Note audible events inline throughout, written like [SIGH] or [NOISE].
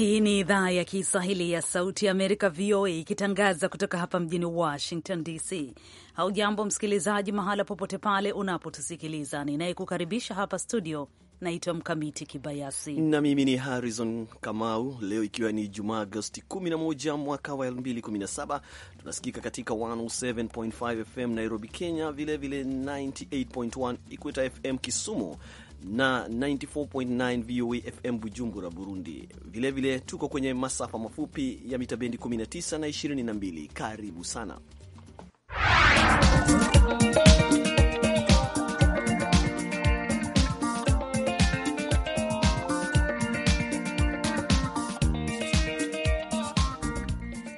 Hii ni idhaa ya Kiswahili ya Sauti ya Amerika, VOA, ikitangaza kutoka hapa mjini Washington DC. Haujambo msikilizaji, mahala popote pale unapotusikiliza. Ninayekukaribisha hapa studio naitwa Mkamiti Kibayasi na mimi ni Harrison Kamau. Leo ikiwa ni Jumaa, Agosti 11 mwaka wa 2017, tunasikika katika 107.5 FM Nairobi, Kenya, vilevile 98.1 Ikweta FM Kisumu na 94.9 VOA FM Bujumbura, Burundi. Vilevile vile, tuko kwenye masafa mafupi ya mita bendi 19 na 22. Karibu sana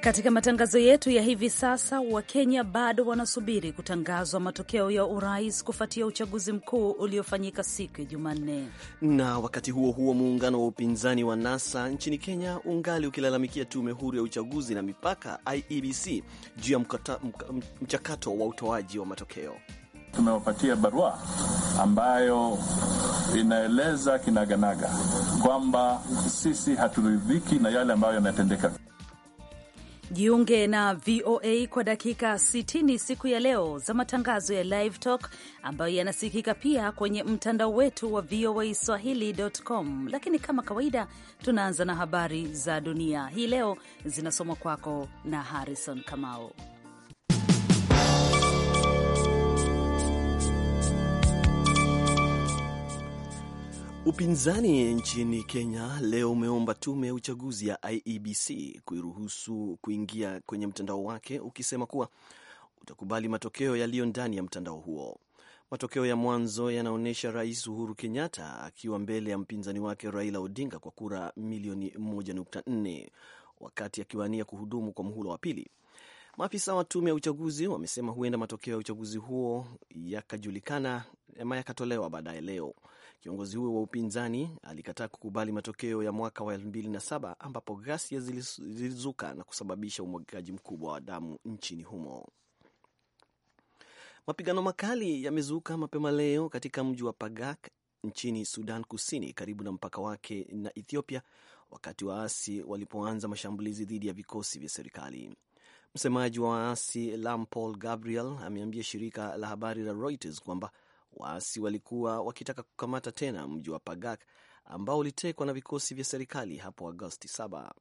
Katika matangazo yetu ya hivi sasa, Wakenya bado wanasubiri kutangazwa matokeo ya urais kufuatia uchaguzi mkuu uliofanyika siku ya Jumanne. Na wakati huo huo, muungano wa upinzani wa NASA nchini Kenya ungali ukilalamikia tume huru ya uchaguzi na mipaka IEBC juu ya mchakato wa utoaji wa matokeo. Tumewapatia barua ambayo inaeleza kinaganaga kwamba sisi haturidhiki na yale ambayo yanatendeka. Jiunge na VOA kwa dakika 60 siku ya leo za matangazo ya Live Talk ambayo yanasikika pia kwenye mtandao wetu wa VOA Swahili.com. Lakini kama kawaida, tunaanza na habari za dunia hii leo, zinasomwa kwako na Harrison Kamau. Upinzani nchini Kenya leo umeomba tume ya uchaguzi ya IEBC kuiruhusu kuingia kwenye mtandao wake ukisema kuwa utakubali matokeo yaliyo ndani ya mtandao huo. Matokeo ya mwanzo yanaonyesha Rais Uhuru Kenyatta akiwa mbele ya mpinzani wake Raila Odinga kwa kura milioni 1.4 wakati akiwania kuhudumu kwa muhula wa pili. Maafisa wa tume ya uchaguzi wamesema huenda matokeo ya uchaguzi huo yakajulikana ama yakatolewa baadaye leo. Kiongozi huyo wa upinzani alikataa kukubali matokeo ya mwaka wa 2007 ambapo ghasia zilizuka na kusababisha umwagikaji mkubwa wa damu nchini humo. Mapigano makali yamezuka mapema leo katika mji wa Pagak nchini Sudan Kusini, karibu na mpaka wake na Ethiopia, wakati waasi walipoanza mashambulizi dhidi ya vikosi vya serikali. Msemaji wa waasi Lam Paul Gabriel ameambia shirika la habari la Reuters kwamba waasi walikuwa wakitaka kukamata tena mji wa Pagak ambao ulitekwa na vikosi vya serikali hapo Agosti 7.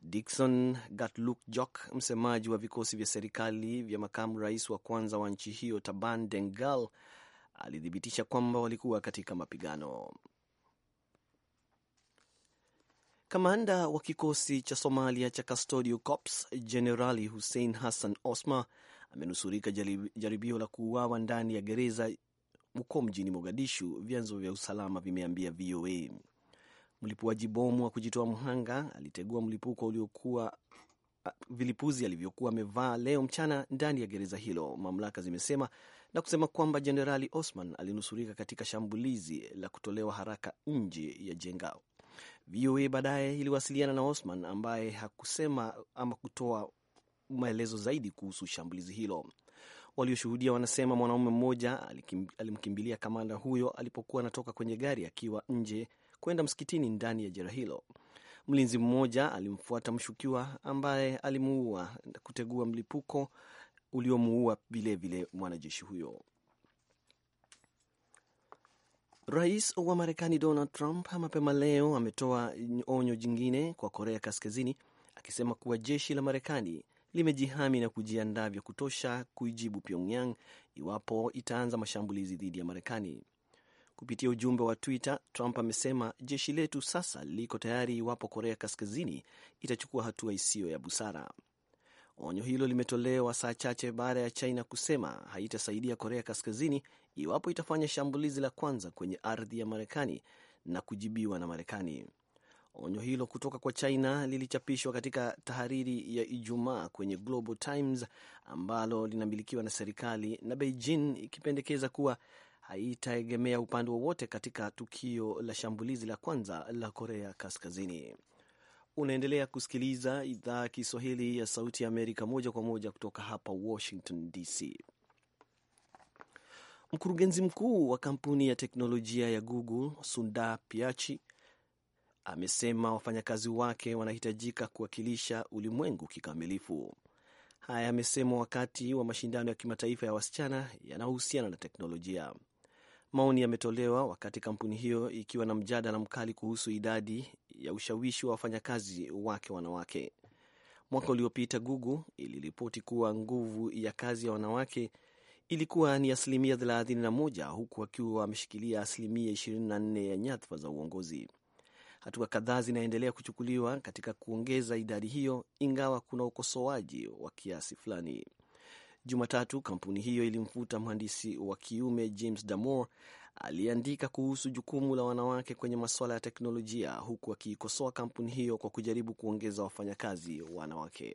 Dikson Gatluk Jok, msemaji wa vikosi vya serikali vya makamu rais wa kwanza wa nchi hiyo Taban Dengal, alithibitisha kwamba walikuwa katika mapigano. Kamanda wa kikosi cha Somalia cha Custodio Corps Jenerali Hussein Hassan Osma amenusurika jaribio la kuuawa ndani ya gereza huko mjini Mogadishu, vyanzo vya usalama vimeambia VOA. Mlipuaji bomu wa kujitoa mhanga alitegua mlipuko uliokuwa vilipuzi alivyokuwa amevaa leo mchana ndani ya gereza hilo, mamlaka zimesema na kusema kwamba Jenerali Osman alinusurika katika shambulizi la kutolewa haraka nje ya jengo. VOA baadaye iliwasiliana na Osman ambaye hakusema ama kutoa maelezo zaidi kuhusu shambulizi hilo. Walioshuhudia wanasema mwanaume mmoja alimkimbilia kamanda huyo alipokuwa anatoka kwenye gari akiwa nje kwenda msikitini ndani ya jela hilo. Mlinzi mmoja alimfuata mshukiwa ambaye alimuua na kutegua mlipuko uliomuua vilevile mwanajeshi huyo. Rais wa Marekani Donald Trump mapema leo ametoa onyo jingine kwa Korea Kaskazini akisema kuwa jeshi la Marekani limejihami na kujiandaa vya kutosha kuijibu Pyongyang iwapo itaanza mashambulizi dhidi ya Marekani. Kupitia ujumbe wa Twitter, Trump amesema jeshi letu sasa liko tayari iwapo Korea Kaskazini itachukua hatua isiyo ya busara. Onyo hilo limetolewa saa chache baada ya China kusema haitasaidia Korea Kaskazini iwapo itafanya shambulizi la kwanza kwenye ardhi ya Marekani na kujibiwa na Marekani. Onyo hilo kutoka kwa China lilichapishwa katika tahariri ya Ijumaa kwenye Global Times ambalo linamilikiwa na serikali na Beijing ikipendekeza kuwa haitaegemea upande wowote katika tukio la shambulizi la kwanza la Korea Kaskazini. Unaendelea kusikiliza idhaa ya Kiswahili ya Sauti ya Amerika moja kwa moja kutoka hapa Washington DC. Mkurugenzi mkuu wa kampuni ya teknolojia ya Google Sundar Pichai amesema wafanyakazi wake wanahitajika kuwakilisha ulimwengu kikamilifu. Haya amesemwa wakati wa mashindano ya kimataifa ya wasichana yanayohusiana na teknolojia. Maoni yametolewa wakati kampuni hiyo ikiwa na mjadala mkali kuhusu idadi ya ushawishi wa wafanyakazi wake wanawake. Mwaka uliopita Google iliripoti kuwa nguvu ya kazi ya wanawake ilikuwa ni asilimia 31 huku akiwa ameshikilia asilimia 24 ya nyadhifa za uongozi. Hatua kadhaa zinaendelea kuchukuliwa katika kuongeza idadi hiyo, ingawa kuna ukosoaji wa kiasi fulani. Jumatatu kampuni hiyo ilimfuta mhandisi wa kiume James Damore aliyeandika kuhusu jukumu la wanawake kwenye masuala ya teknolojia, huku akiikosoa kampuni hiyo kwa kujaribu kuongeza wafanyakazi wanawake.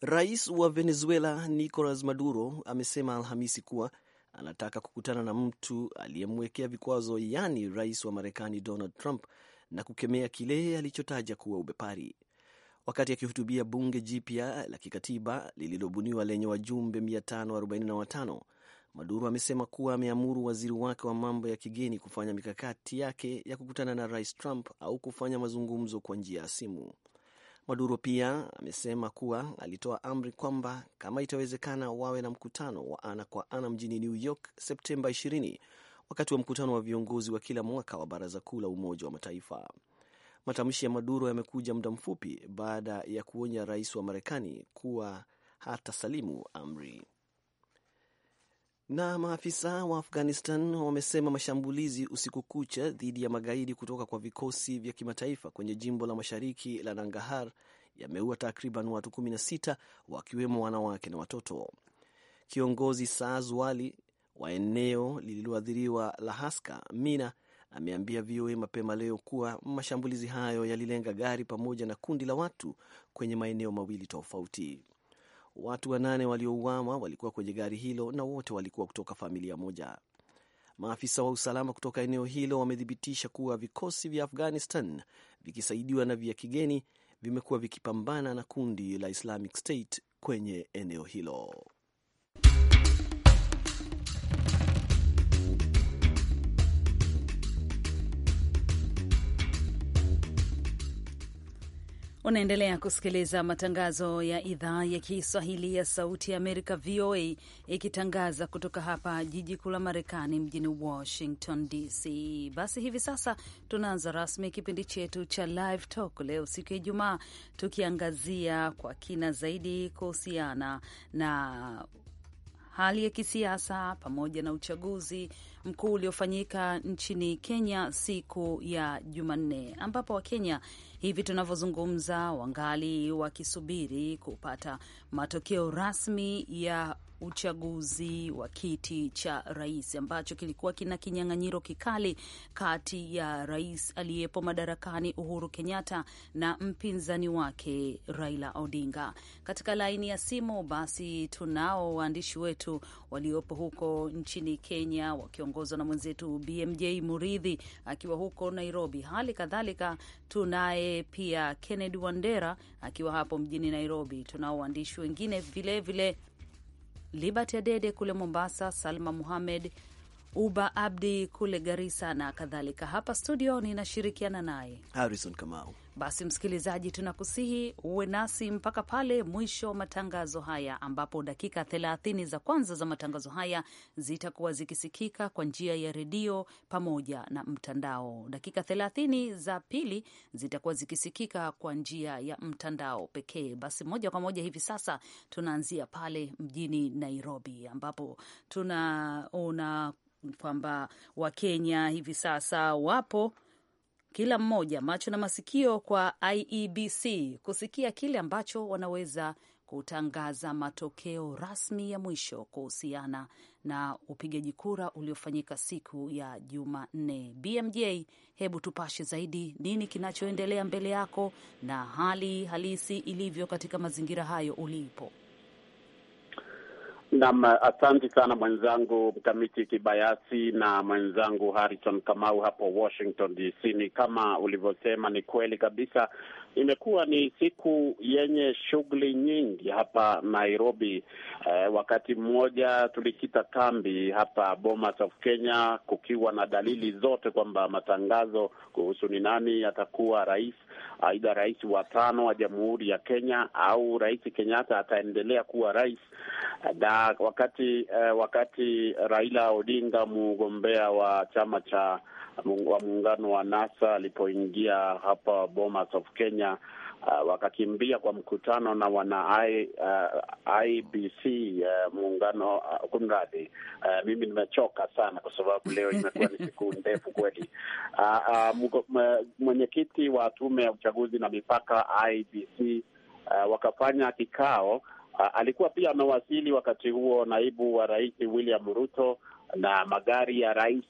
Rais wa Venezuela Nicolas Maduro amesema Alhamisi kuwa anataka kukutana na mtu aliyemwekea vikwazo, yaani rais wa Marekani Donald Trump, na kukemea kile alichotaja kuwa ubepari. Wakati akihutubia bunge jipya la kikatiba lililobuniwa lenye wajumbe 545 Maduro amesema kuwa ameamuru waziri wake wa mambo ya kigeni kufanya mikakati yake ya kukutana na rais Trump au kufanya mazungumzo kwa njia ya simu. Maduro pia amesema kuwa alitoa amri kwamba kama itawezekana, wawe na mkutano wa ana kwa ana mjini New York Septemba 20 wakati wa mkutano wa viongozi wa kila mwaka wa Baraza Kuu la Umoja wa Mataifa. Matamshi ya Maduro yamekuja muda mfupi baada ya kuonya rais wa Marekani kuwa hata salimu amri. Na maafisa wa Afghanistan wamesema mashambulizi usiku kucha dhidi ya magaidi kutoka kwa vikosi vya kimataifa kwenye jimbo la mashariki la nangahar yameua takriban watu 16 wakiwemo wanawake na watoto. Kiongozi Saazwali wa eneo lililoathiriwa la Haska Mina ameambia VOA mapema leo kuwa mashambulizi hayo yalilenga gari pamoja na kundi la watu kwenye maeneo mawili tofauti. Watu wanane waliouawa walikuwa kwenye gari hilo na wote walikuwa kutoka familia moja. Maafisa wa usalama kutoka eneo hilo wamethibitisha kuwa vikosi vya Afghanistan vikisaidiwa na vya kigeni vimekuwa vikipambana na kundi la Islamic State kwenye eneo hilo. Unaendelea kusikiliza matangazo ya idhaa ya Kiswahili ya Sauti ya Amerika, VOA, ikitangaza kutoka hapa jiji kuu la Marekani, mjini Washington DC. Basi hivi sasa tunaanza rasmi kipindi chetu cha Live Talk leo siku ya Ijumaa, tukiangazia kwa kina zaidi kuhusiana na hali ya kisiasa pamoja na uchaguzi mkuu uliofanyika nchini Kenya siku ya Jumanne, ambapo Wakenya hivi tunavyozungumza wangali wakisubiri kupata matokeo rasmi ya uchaguzi wa kiti cha rais ambacho kilikuwa kina kinyang'anyiro kikali kati ya rais aliyepo madarakani Uhuru Kenyatta na mpinzani wake Raila Odinga. Katika laini ya simu basi tunao waandishi wetu waliopo huko nchini Kenya wakiongozwa na mwenzetu BMJ Muridhi akiwa huko Nairobi. Hali kadhalika tunaye pia Kennedy Wandera akiwa hapo mjini Nairobi. Tunao waandishi wengine vilevile Liberty Adede kule Mombasa, Salma Muhamed, Uba Abdi kule garisa na kadhalika. Hapa studio ninashirikiana naye Harrison Kamau. Basi msikilizaji, tunakusihi uwe nasi mpaka pale mwisho wa matangazo haya, ambapo dakika thelathini za kwanza za matangazo haya zitakuwa zikisikika kwa njia ya redio pamoja na mtandao. Dakika thelathini za pili zitakuwa zikisikika kwa njia ya mtandao pekee. Basi moja kwa moja hivi sasa tunaanzia pale mjini Nairobi, ambapo tunaona kwamba Wakenya hivi sasa wapo kila mmoja macho na masikio kwa IEBC kusikia kile ambacho wanaweza kutangaza matokeo rasmi ya mwisho kuhusiana na upigaji kura uliofanyika siku ya Jumanne. BMJ, hebu tupashe zaidi nini kinachoendelea mbele yako na hali halisi ilivyo katika mazingira hayo ulipo. Nam, asante sana mwenzangu Mkamiti Kibayasi na mwenzangu Harrison Kamau hapo Washington DC. Ni kama ulivyosema, ni kweli kabisa imekuwa ni siku yenye shughuli nyingi hapa Nairobi. Eh, wakati mmoja tulikita kambi hapa Bomas of Kenya, kukiwa na dalili zote kwamba matangazo kuhusu ni nani atakuwa rais, aidha rais wa tano wa Jamhuri ya Kenya au Rais Kenyatta ataendelea kuwa rais, na wakati eh, wakati Raila Odinga mgombea wa chama cha wa muungano wa NASA alipoingia hapa Bomas of Kenya. Uh, wakakimbia kwa mkutano na wana I, uh, IBC uh, muungano uh, kumradhi, uh, mimi nimechoka sana kwa sababu leo imekuwa ni siku [LAUGHS] ndefu kweli. Uh, uh, mwenyekiti wa tume ya uchaguzi na mipaka IBC uh, wakafanya kikao uh, alikuwa pia amewasili wakati huo naibu wa rais William Ruto na magari ya rais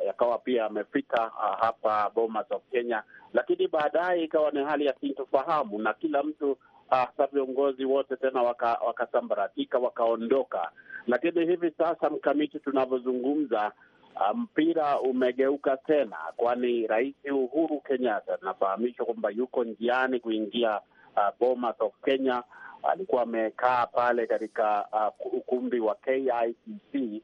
yakawa pia yamefika ah, hapa Bomas of Kenya, lakini baadaye ikawa ni hali ya sintofahamu na kila mtu ah, hasa viongozi wote tena wakasambaratika, waka wakaondoka. Lakini hivi sasa mkamiti tunavyozungumza, ah, mpira umegeuka tena, kwani Rais Uhuru Kenyatta tunafahamishwa kwamba yuko njiani kuingia uh, Bomas of Kenya. Alikuwa amekaa pale katika uh, ukumbi wa KICC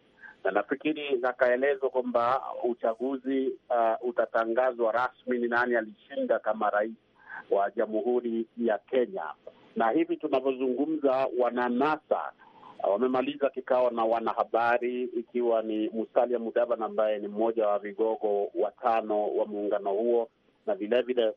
na nafikiri nakaelezwa kwamba uchaguzi uh, utatangazwa rasmi ni nani alishinda kama rais wa Jamhuri ya Kenya. Na hivi tunavyozungumza, wananasa uh, wamemaliza kikao na wanahabari, ikiwa ni Musalia Mudavadi ambaye ni mmoja wa vigogo watano wa muungano huo na vilevile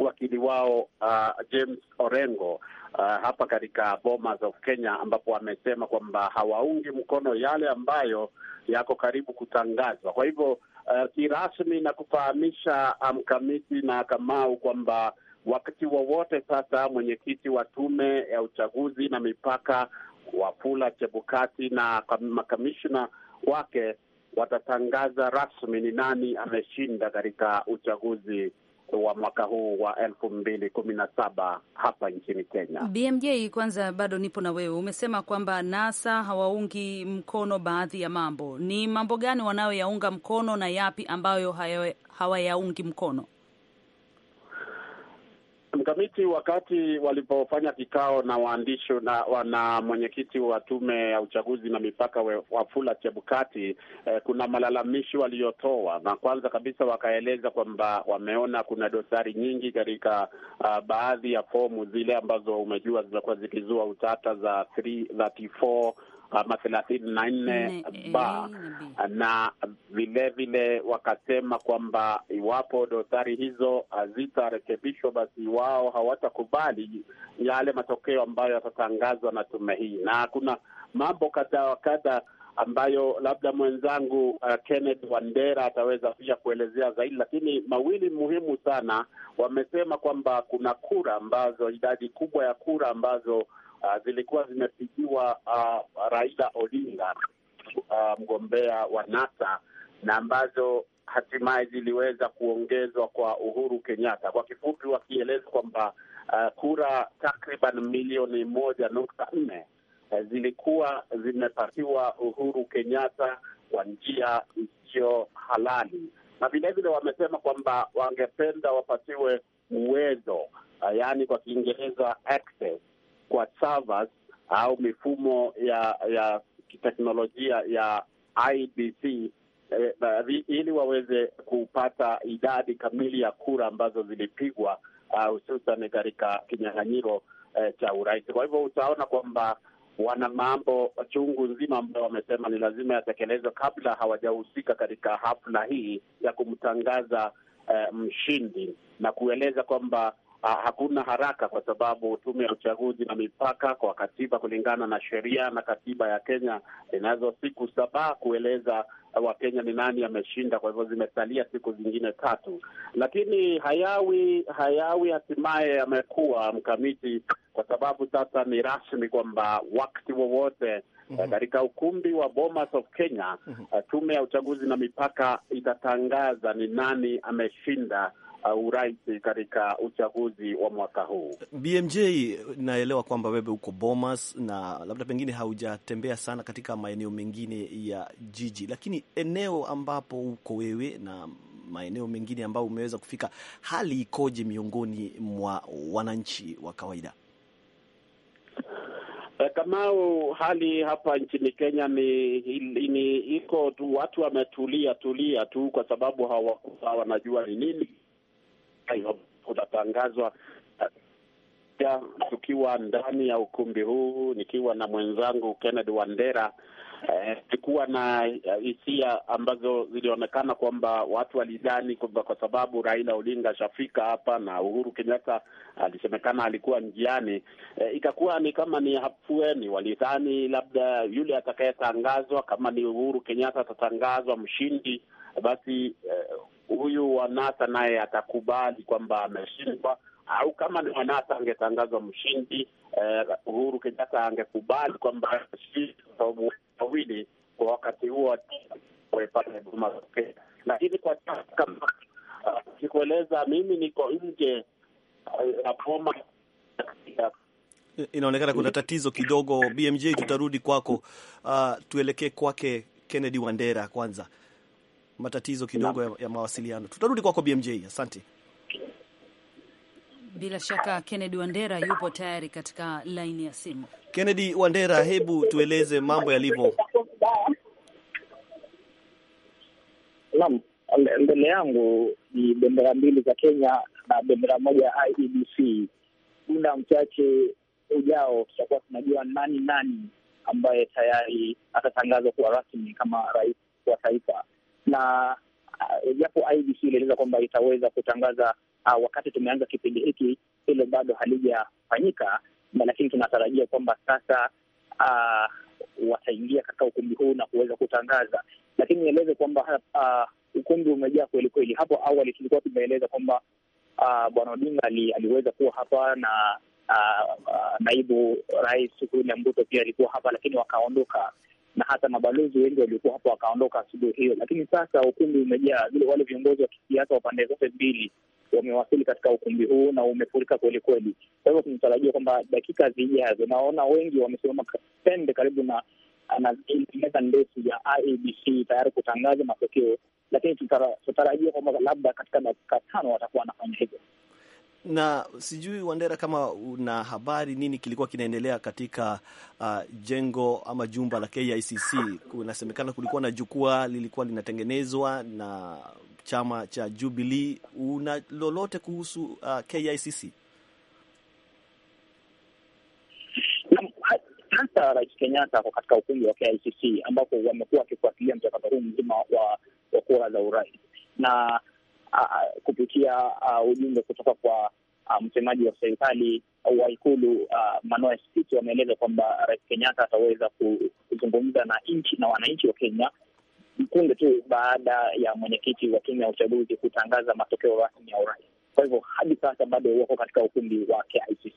wakili wao uh, James Orengo uh, hapa katika Bomas of Kenya, ambapo amesema kwamba hawaungi mkono yale ambayo yako karibu kutangazwa. Kwa hivyo uh, kirasmi na kufahamisha mkamiti um, na Kamau kwamba wakati wowote sasa mwenyekiti wa tume ya uchaguzi na mipaka Wafula Chebukati na makamishna wake watatangaza rasmi ni nani ameshinda katika uchaguzi wa mwaka huu wa elfu mbili kumi na saba hapa nchini Kenya. BMJ, kwanza bado nipo na wewe, umesema kwamba NASA hawaungi mkono baadhi ya mambo. Ni mambo gani wanayoyaunga mkono na yapi ambayo hawayaungi mkono? Mkamiti, wakati walipofanya kikao na waandishi na, wana mwenyekiti wa tume ya uchaguzi na mipaka Wafula Chebukati eh, kuna malalamishi waliotoa, na kwanza kabisa wakaeleza kwamba wameona kuna dosari nyingi katika uh, baadhi ya fomu zile ambazo umejua zimekuwa zikizua utata za 34 ama thelathini na nne ba na vilevile wakasema kwamba iwapo dosari hizo hazitarekebishwa, basi wao hawatakubali yale matokeo ambayo yatatangazwa na tume hii, na kuna mambo kadha wa kadha ambayo labda mwenzangu uh, Kenneth Wandera ataweza pia kuelezea zaidi, lakini mawili muhimu sana, wamesema kwamba kuna kura ambazo idadi kubwa ya kura ambazo uh, zilikuwa zimepigiwa uh, Raila Odinga uh, mgombea wa NASA na ambazo hatimaye ziliweza kuongezwa kwa Uhuru Kenyatta. Kwa kifupi, wakieleza kwamba uh, kura takriban milioni moja nukta nne uh, zilikuwa zimepatiwa Uhuru Kenyatta kwa njia isiyo halali, na vilevile wamesema kwamba wangependa wapatiwe uwezo uh, yaani kwa Kiingereza access kwa servers au mifumo ya ya kiteknolojia ya IBC eh, ili waweze kupata idadi kamili ya kura ambazo zilipigwa ah, hususan uh, katika kinyang'anyiro eh, cha urais. Kwa hivyo utaona kwamba wana mambo chungu nzima ambayo wamesema ni lazima yatekelezwe kabla hawajahusika katika hafla hii ya kumtangaza eh, mshindi na kueleza kwamba hakuna haraka, kwa sababu tume ya uchaguzi na mipaka kwa katiba, kulingana na sheria na katiba ya Kenya, inazo siku saba kueleza Wakenya ni nani ameshinda. Kwa hivyo zimesalia siku zingine tatu, lakini hayawi hayawi hatimaye yamekuwa mkamiti, kwa sababu sasa ni rasmi kwamba wakati wowote mhm. katika mm -hmm. ukumbi wa Bomas of Kenya mm -hmm. tume ya uchaguzi na mipaka itatangaza ni nani ameshinda uh, urais katika uchaguzi wa mwaka huu. BMJ, naelewa kwamba wewe uko Bomas na labda pengine haujatembea sana katika maeneo mengine ya jiji, lakini eneo ambapo uko wewe na maeneo mengine ambayo umeweza kufika, hali ikoje miongoni mwa wananchi wa kawaida? Eh, Kamau, hali hapa nchini Kenya ni, ni, ni iko tu, watu wametulia tulia tu, kwa sababu hawakuwa wanajua ni nini utatangazwa uh, tukiwa ndani ya ukumbi huu nikiwa na mwenzangu Kennedy Wandera. Eh, tulikuwa eh, na uh, hisia ambazo zilionekana kwamba watu walidhani kwamba kwa sababu Raila Odinga ashafika hapa na Uhuru Kenyatta alisemekana alikuwa njiani, eh, ikakuwa ni kama ni hafueni. Walidhani labda yule atakayetangazwa kama ni Uhuru Kenyatta atatangazwa mshindi basi eh, huyu uh, Wanasa naye atakubali kwamba ameshindwa, au kama ni Wanasa angetangazwa mshindi uh, Uhuru Kenyatta angekubali kwamba sababu wawili kwa wakati huo pale Boma, lakini kwa kama eh, kikueleza, mimi niko nje ya Boma. Inaonekana kuna tatizo kidogo, BMJ, tutarudi kwako. Uh, tuelekee kwake Kennedy Wandera kwanza matatizo kidogo ya, ya mawasiliano. Tutarudi kwako BMJ, asante. Bila shaka Kennedy Wandera yupo tayari katika laini ya simu. Kennedy Wandera, hebu tueleze mambo yalivyo. Naam, mbele yangu ni bendera mbili za Kenya na bendera moja ya IEBC. Muda mchache ujao tutakuwa tunajua nani nani ambaye tayari atatangazwa kuwa rasmi kama rais wa taifa na uh, japo uh, IBC ilieleza kwamba itaweza kutangaza uh, wakati tumeanza kipindi hiki, hilo bado halijafanyika, lakini tunatarajia kwamba sasa uh, wataingia katika ukumbi huu na kuweza kutangaza. Lakini nieleze kwamba uh, ukumbi umejaa kweli kweli. Hapo awali tulikuwa tumeeleza kwamba uh, bwana Odinga ali, aliweza kuwa hapa na uh, uh, naibu rais William Ruto pia alikuwa hapa, lakini wakaondoka na hata mabalozi wengi waliokuwa hapo wakaondoka asubuhi hiyo. Lakini sasa ukumbi umejaa, vile wale viongozi wa kisiasa wa pande zote mbili wamewasili katika ukumbi huu na umefurika kweli kweli. Kwa hivyo tunatarajia kwamba dakika zijazo, naona wengi wamesimama pembe karibu na na meza ndefu ya IEBC tayari kutangaza matokeo, lakini tunatarajia kwamba labda katika dakika tano watakuwa wanafanya hivyo na sijui Wandera, kama una habari nini kilikuwa kinaendelea katika uh, jengo ama jumba la KICC. Kunasemekana kulikuwa na jukwaa lilikuwa linatengenezwa na chama cha Jubilee. Una lolote kuhusu uh, KICC? Hasa Rais Kenyatta kwa katika ukumbi wa KICC ambapo wamekuwa wakifuatilia mchakato huu mzima wa, wa kura za urais na uh, kupitia uh, ujumbe kutoka kwa uh, msemaji wa serikali wa Ikulu uh, Manoa Spiti wameeleza kwamba Rais Kenyatta ataweza kuzungumza na nchi na wananchi wa Kenya mkunde tu baada ya mwenyekiti wa tume ya uchaguzi kutangaza matokeo rasmi ya urais. Kwa hivyo hadi sasa bado wako katika ukumbi wa KICC.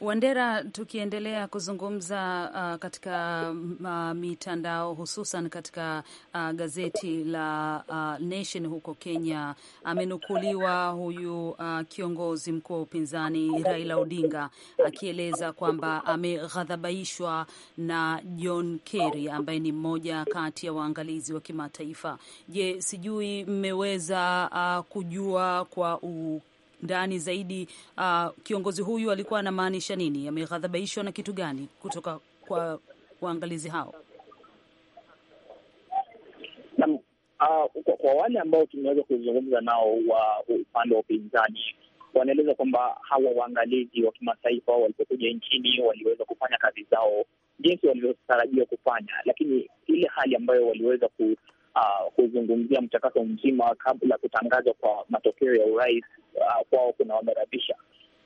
Wandera, tukiendelea kuzungumza uh, katika uh, mitandao hususan katika uh, gazeti la uh, Nation huko Kenya, amenukuliwa huyu uh, kiongozi mkuu wa upinzani Raila Odinga akieleza kwamba ameghadhabaishwa na John Kerry ambaye ni mmoja kati ya waangalizi wa kimataifa. Je, sijui mmeweza uh, kujua kwa u ndani zaidi uh, kiongozi huyu alikuwa anamaanisha nini? Ameghadhabishwa na kitu gani kutoka kwa waangalizi hao? Uh, kwa, kwa wale ambao tumeweza kuzungumza nao wa upande wa upinzani wanaeleza kwamba hawa waangalizi wa kimataifa walipokuja nchini waliweza kufanya kazi zao jinsi walivyotarajiwa kufanya, lakini ile hali ambayo waliweza ku uh, kuzungumzia mchakato mzima kabla ya kutangazwa kwa matokeo ya urais uh, kwao kuna wameradhisha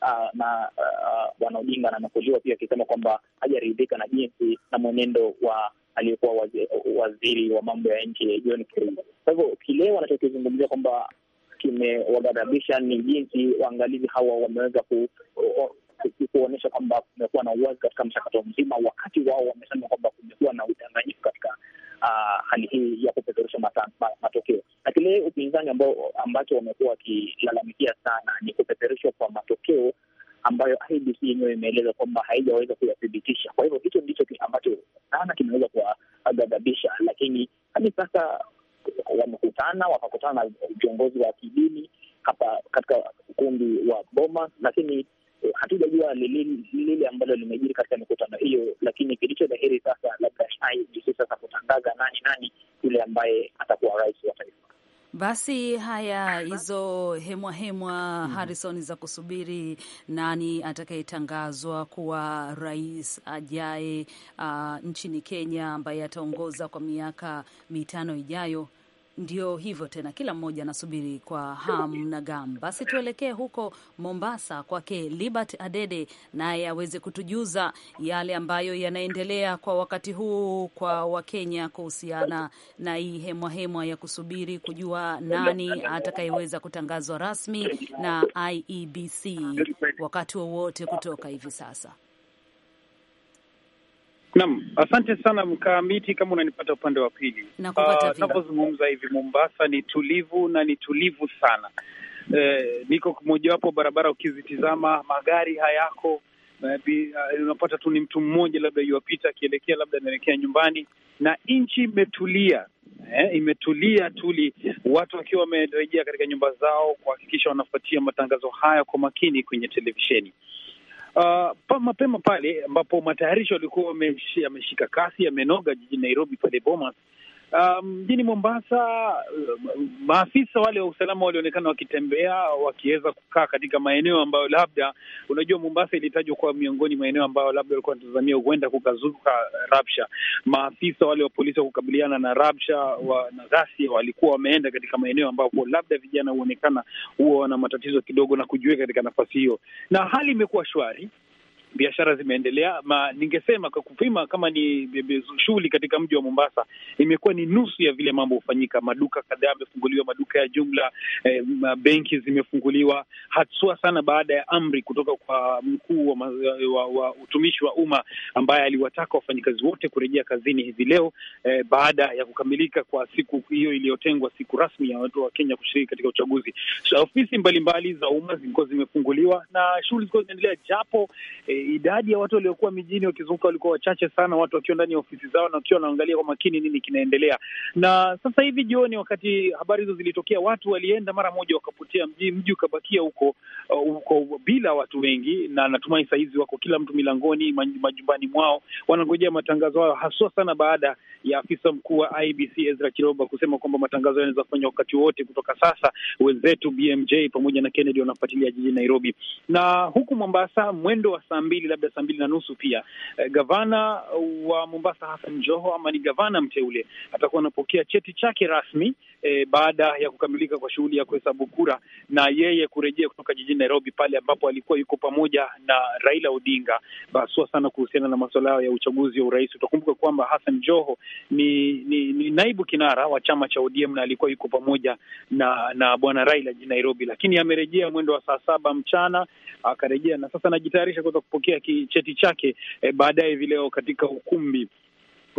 uh, na uh, bwana uh, Odinga amenukuliwa pia akisema kwamba hajaridhika na jinsi na mwenendo wa aliyekuwa waziri, waziri wa mambo ya nje John Kerry. Kwa hivyo kile wanachokizungumzia kwamba kimewagadhabisha ni jinsi waangalizi hawa wameweza ku, kuonyesha kwamba kumekuwa na uwazi katika mchakato mzima, wakati wao wamesema kwamba kumekuwa na udanganyifu katika uh, hali hii ya kupeperusha matokeo. Lakini upinzani ambao ambacho wamekuwa wakilalamikia sana ni kupeperushwa kwa matokeo ambayo IEBC yenyewe imeeleza kwamba haijaweza kuyathibitisha. Kwa hivyo hicho ndicho ambacho sana kimeweza kuwaghadhabisha, lakini hadi sasa wamekutana, wakakutana na viongozi wa kidini hapa katika ukumbi wa Boma, lakini hatujajua ni lile ambalo limejiri katika mikutano hiyo, lakini kilicho dhahiri sasa, labda IEBC sasa kutangaza nani nani yule ambaye atakuwa rais wa taifa. Basi haya, hizo hemwa hemwa mhm. Harrison, za kusubiri nani atakayetangazwa kuwa rais ajaye, uh, nchini Kenya, ambaye ataongoza kwa miaka mitano ijayo ndio hivyo tena, kila mmoja anasubiri kwa hamu na gamu. Basi tuelekee huko Mombasa kwake Libert Adede, naye aweze kutujuza yale ambayo yanaendelea kwa wakati huu kwa Wakenya kuhusiana na hii hemwa hemwa ya kusubiri kujua nani atakayeweza kutangazwa rasmi na IEBC wakati wowote kutoka hivi sasa. Naam, asante sana Mkamiti, kama unanipata upande wa pili. Ah, Tunapozungumza uh, hivi Mombasa ni tulivu na ni tulivu sana. Eh, niko mojawapo barabara, ukizitizama magari hayako eh, ah, unapata tu ni mtu mmoja labda yuwapita akielekea labda anaelekea nyumbani, na nchi imetulia eh, imetulia tuli, watu wakiwa wamerejea katika nyumba zao kuhakikisha wanafuatia matangazo haya kwa makini kwenye televisheni. Uh, pa mapema pale ambapo matayarisho yalikuwa yameshika kasi yamenoga jijini Nairobi pale Bomas Um, mjini um, Mombasa uh, maafisa wale wa usalama walionekana wakitembea wakiweza kukaa katika maeneo ambayo labda, unajua, Mombasa ilitajwa kuwa miongoni maeneo ambayo labda walikuwa wanatazamia huenda kukazuka rabsha. Maafisa wale wa polisi wa kukabiliana na rabsha wa, na ghasia walikuwa wameenda katika maeneo ambapo labda vijana huonekana huwa wana matatizo kidogo na kujiweka katika nafasi hiyo, na hali imekuwa shwari biashara zimeendelea. Ma ningesema kwa kupima kama ni shughuli katika mji wa Mombasa imekuwa ni nusu ya vile mambo hufanyika. Maduka kadhaa yamefunguliwa, maduka ya jumla eh, benki zimefunguliwa, haswa sana baada ya amri kutoka kwa mkuu wa, wa, wa utumishi wa umma ambaye aliwataka wafanyikazi wote kurejea kazini hivi leo eh, baada ya kukamilika kwa siku hiyo iliyotengwa, siku rasmi ya watu wa Kenya kushiriki katika uchaguzi. So, ofisi mbalimbali za umma zilikuwa zimefunguliwa na shughuli zilikuwa zinaendelea japo eh, idadi ya watu waliokuwa mijini wakizunguka walikuwa wachache sana, watu wakiwa ndani ya ofisi zao na wakiwa wanaangalia kwa makini nini kinaendelea. Na sasa hivi jioni, wakati habari hizo zilitokea, watu walienda mara moja wakapotea, mji mji ukabakia huko uh, huko bila watu wengi, na natumai sahizi wako kila mtu milangoni majumbani mwao, wanangojea matangazo hayo, haswa sana baada ya afisa mkuu wa IBC Ezra Kiroba kusema kwamba matangazo yanaweza kufanywa wakati wote kutoka sasa. Wenzetu BMJ pamoja na Kennedy wanafuatilia jijini Nairobi na huku Mombasa mwendo wa saa mbili mbili labda saa mbili na nusu pia eh, gavana wa Mombasa Hassan Joho ama ni gavana mteule atakuwa anapokea cheti chake rasmi e, baada ya kukamilika kwa shughuli ya kuhesabu kura na yeye kurejea kutoka jijini Nairobi pale ambapo alikuwa yuko pamoja na Raila Odinga, basua sana kuhusiana na masuala ya uchaguzi wa urais. Utakumbuka kwamba Hassan Joho ni, ni, ni naibu kinara wa chama cha ODM na alikuwa yuko pamoja na na bwana Raila jijini Nairobi, lakini amerejea mwendo wa saa saba mchana akarejea, na sasa anajitayarisha kuweza kupokea kicheti chake e, baadaye vileo katika ukumbi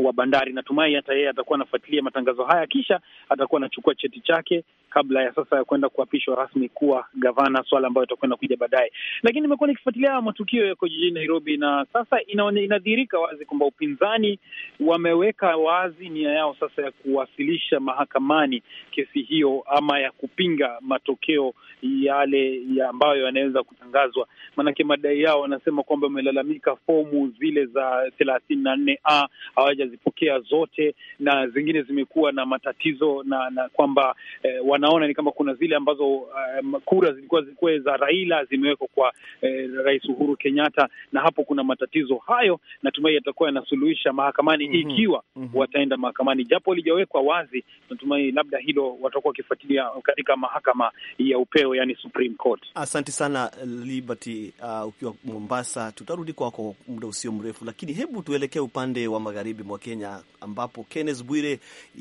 wa Bandari. Natumai hata yeye atakuwa anafuatilia matangazo haya, kisha atakuwa anachukua cheti chake kabla ya sasa ya kwenda kuapishwa rasmi kuwa gavana, swala ambayo itakwenda kuja baadaye. Lakini nimekuwa nikifuatilia matukio yako jijini Nairobi, na sasa inadhihirika wazi kwamba upinzani wameweka wazi nia yao sasa ya kuwasilisha mahakamani kesi hiyo ama ya kupinga matokeo yale ya ambayo yanaweza kutangazwa. Maanake madai yao wanasema kwamba wamelalamika fomu zile za thelathini na nne a hawajazipokea zote, na zingine zimekuwa na matatizo na, na kwamba eh, wanaona ni kama kuna zile ambazo um, kura zilikuwa zilikuwa za Raila zimewekwa kwa eh, Rais Uhuru Kenyatta, na hapo kuna matatizo hayo, natumai yatakuwa yanasuluhisha mahakamani, mm -hmm. ikiwa mm -hmm. wataenda mahakamani, japo walijawekwa wazi, natumai labda hilo watakuwa wakifuatilia katika mahakama ya upeo, yani Supreme Court. Asante sana Liberty, uh, ukiwa Mombasa, tutarudi kwako muda usio mrefu, lakini hebu tuelekee upande wa magharibi mwa Kenya ambapo Kenneth Bwire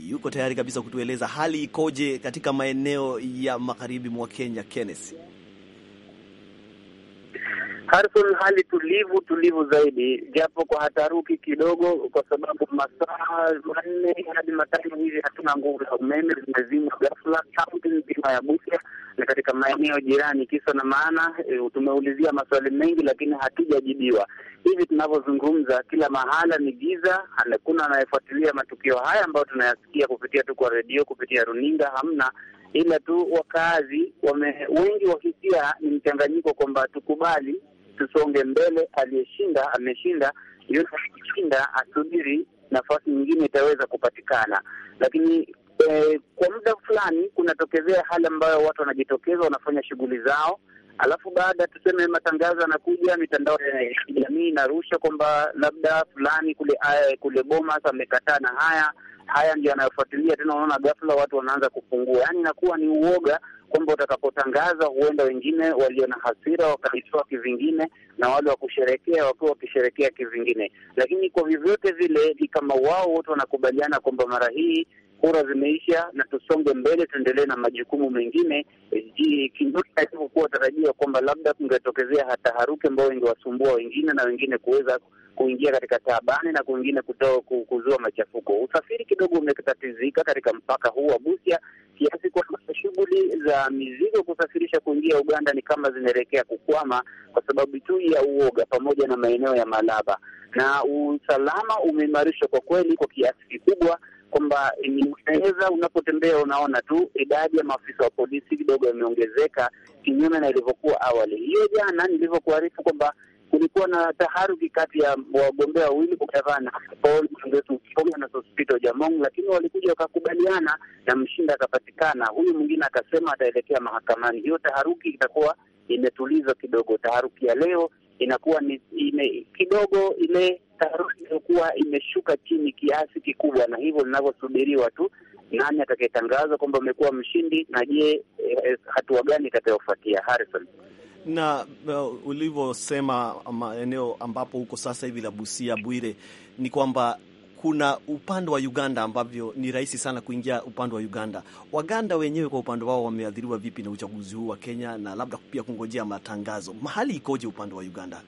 yuko tayari kabisa kutueleza hali ikoje katika maeneo maeneo ya magharibi mwa Kenya, Kenneth? Harrison, hali tulivu tulivu zaidi, japo kwa hataruki kidogo, kwa sababu masaa manne hadi matano hivi hatuna nguvu za umeme, zimezimwa ghafla kaunti nzima ya Busia na katika maeneo jirani. Kisa na maana e, tumeulizia maswali mengi, lakini hatujajibiwa. Hivi tunavyozungumza, kila mahala ni giza. Hakuna anayefuatilia matukio haya ambayo tunayasikia kupitia tu kwa redio, kupitia runinga, hamna ila tu wakaazi wame- wengi wakisia ni mchanganyiko kwamba tukubali, tusonge mbele, aliyeshinda ameshinda, yule akishinda asubiri nafasi nyingine itaweza kupatikana, lakini e, kwa muda fulani kunatokezea hali ambayo watu wanajitokeza wanafanya shughuli zao, alafu baada tuseme, matangazo yanakuja, mitandao ya kijamii inarusha kwamba labda fulani kule eh, kule Bomas amekataa na haya haya ndio yanayofuatilia tena, unaona ghafla watu wanaanza kupungua, yaani inakuwa ni uoga kwamba utakapotangaza huenda wengine walio na hasira wakaitoa kivingine na wale wa kusherekea wakiwa wakisherekea kivingine. Lakini kwa vyovyote vile, ni kama wao wote wanakubaliana kwamba mara hii kura zimeisha na tusonge mbele, tuendelee na majukumu mengine, kinyume kwamba labda kungetokezea hata taharuki ambayo ingewasumbua wengine na wengine kuweza kuingia katika taabani na kwingine kuzua machafuko. Usafiri kidogo umetatizika katika mpaka huu wa Busia kiasi kwamba shughuli za mizigo kusafirisha kuingia Uganda ni kama zinaelekea kukwama kwa sababu tu ya uoga, pamoja na maeneo ya Malaba. Na usalama umeimarishwa kwa kweli kwa kiasi kikubwa kwamba inaweza unapotembea unaona tu idadi ya maafisa wa polisi kidogo imeongezeka, kinyume na ilivyokuwa awali. Hiyo jana nilivyokuarifu kwamba kulikuwa na taharuki kati ya wagombea wawili kwa Paul Mwengetu Kiponya na Sospeter Ojaamong, lakini walikuja wakakubaliana na mshindi akapatikana. Huyu mwingine akasema ataelekea mahakamani. Hiyo taharuki itakuwa imetulizwa kidogo. Taharuki ya leo inakuwa ni ime, kidogo ile taharuki iliyokuwa imeshuka chini kiasi kikubwa, na hivyo linavyosubiriwa tu nani atakayetangazwa kwamba amekuwa mshindi na je, eh, hatua gani itakayofuatia, Harrison? na uh, ulivyosema maeneo ambapo huko sasa hivi la Busia Bwire, ni kwamba kuna upande wa Uganda ambavyo ni rahisi sana kuingia upande wa Uganda. Waganda wenyewe kwa upande wao wameathiriwa vipi na uchaguzi huu wa Kenya, na labda pia kungojea matangazo? Mahali ikoje upande wa Uganda?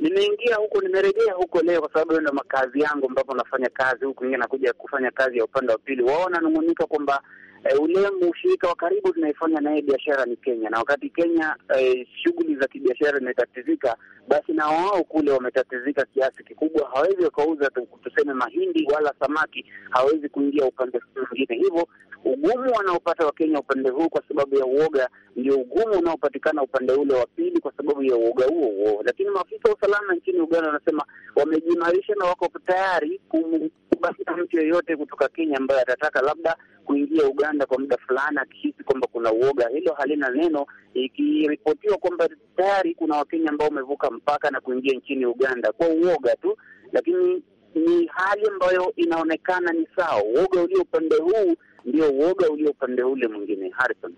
Nimeingia huko, nimerejea huko leo kwa sababu ndio makazi yangu, ambapo nafanya kazi huku, nakuja kufanya kazi ya upande wa pili. Wao wananung'unika kwamba e, eh, ule mshirika wa karibu tunaifanya naye biashara ni Kenya, na wakati Kenya e, shughuli za kibiashara imetatizika, basi na wao kule wametatizika kiasi kikubwa, hawezi wakauza tuseme mahindi wala samaki, hawezi kuingia upande mwingine. Hivyo ugumu wanaopata Wakenya upande huu kwa sababu ya uoga ndio ugumu unaopatikana upande ule wa pili kwa sababu ya uoga huo huo. Lakini maafisa wa usalama nchini Uganda wanasema wamejimarisha na wako tayari kubana mtu yeyote kutoka Kenya ambaye atataka labda kuingia Uganda kwa muda fulani akihisi kwamba kuna uoga. Hilo halina neno, ikiripotiwa kwamba tayari kuna Wakenya ambao wamevuka mpaka na kuingia nchini Uganda kwa uoga tu, lakini ni hali ambayo inaonekana ni sawa. Uoga ulio upande huu ndio uoga ulio upande ule mwingine, Harrison.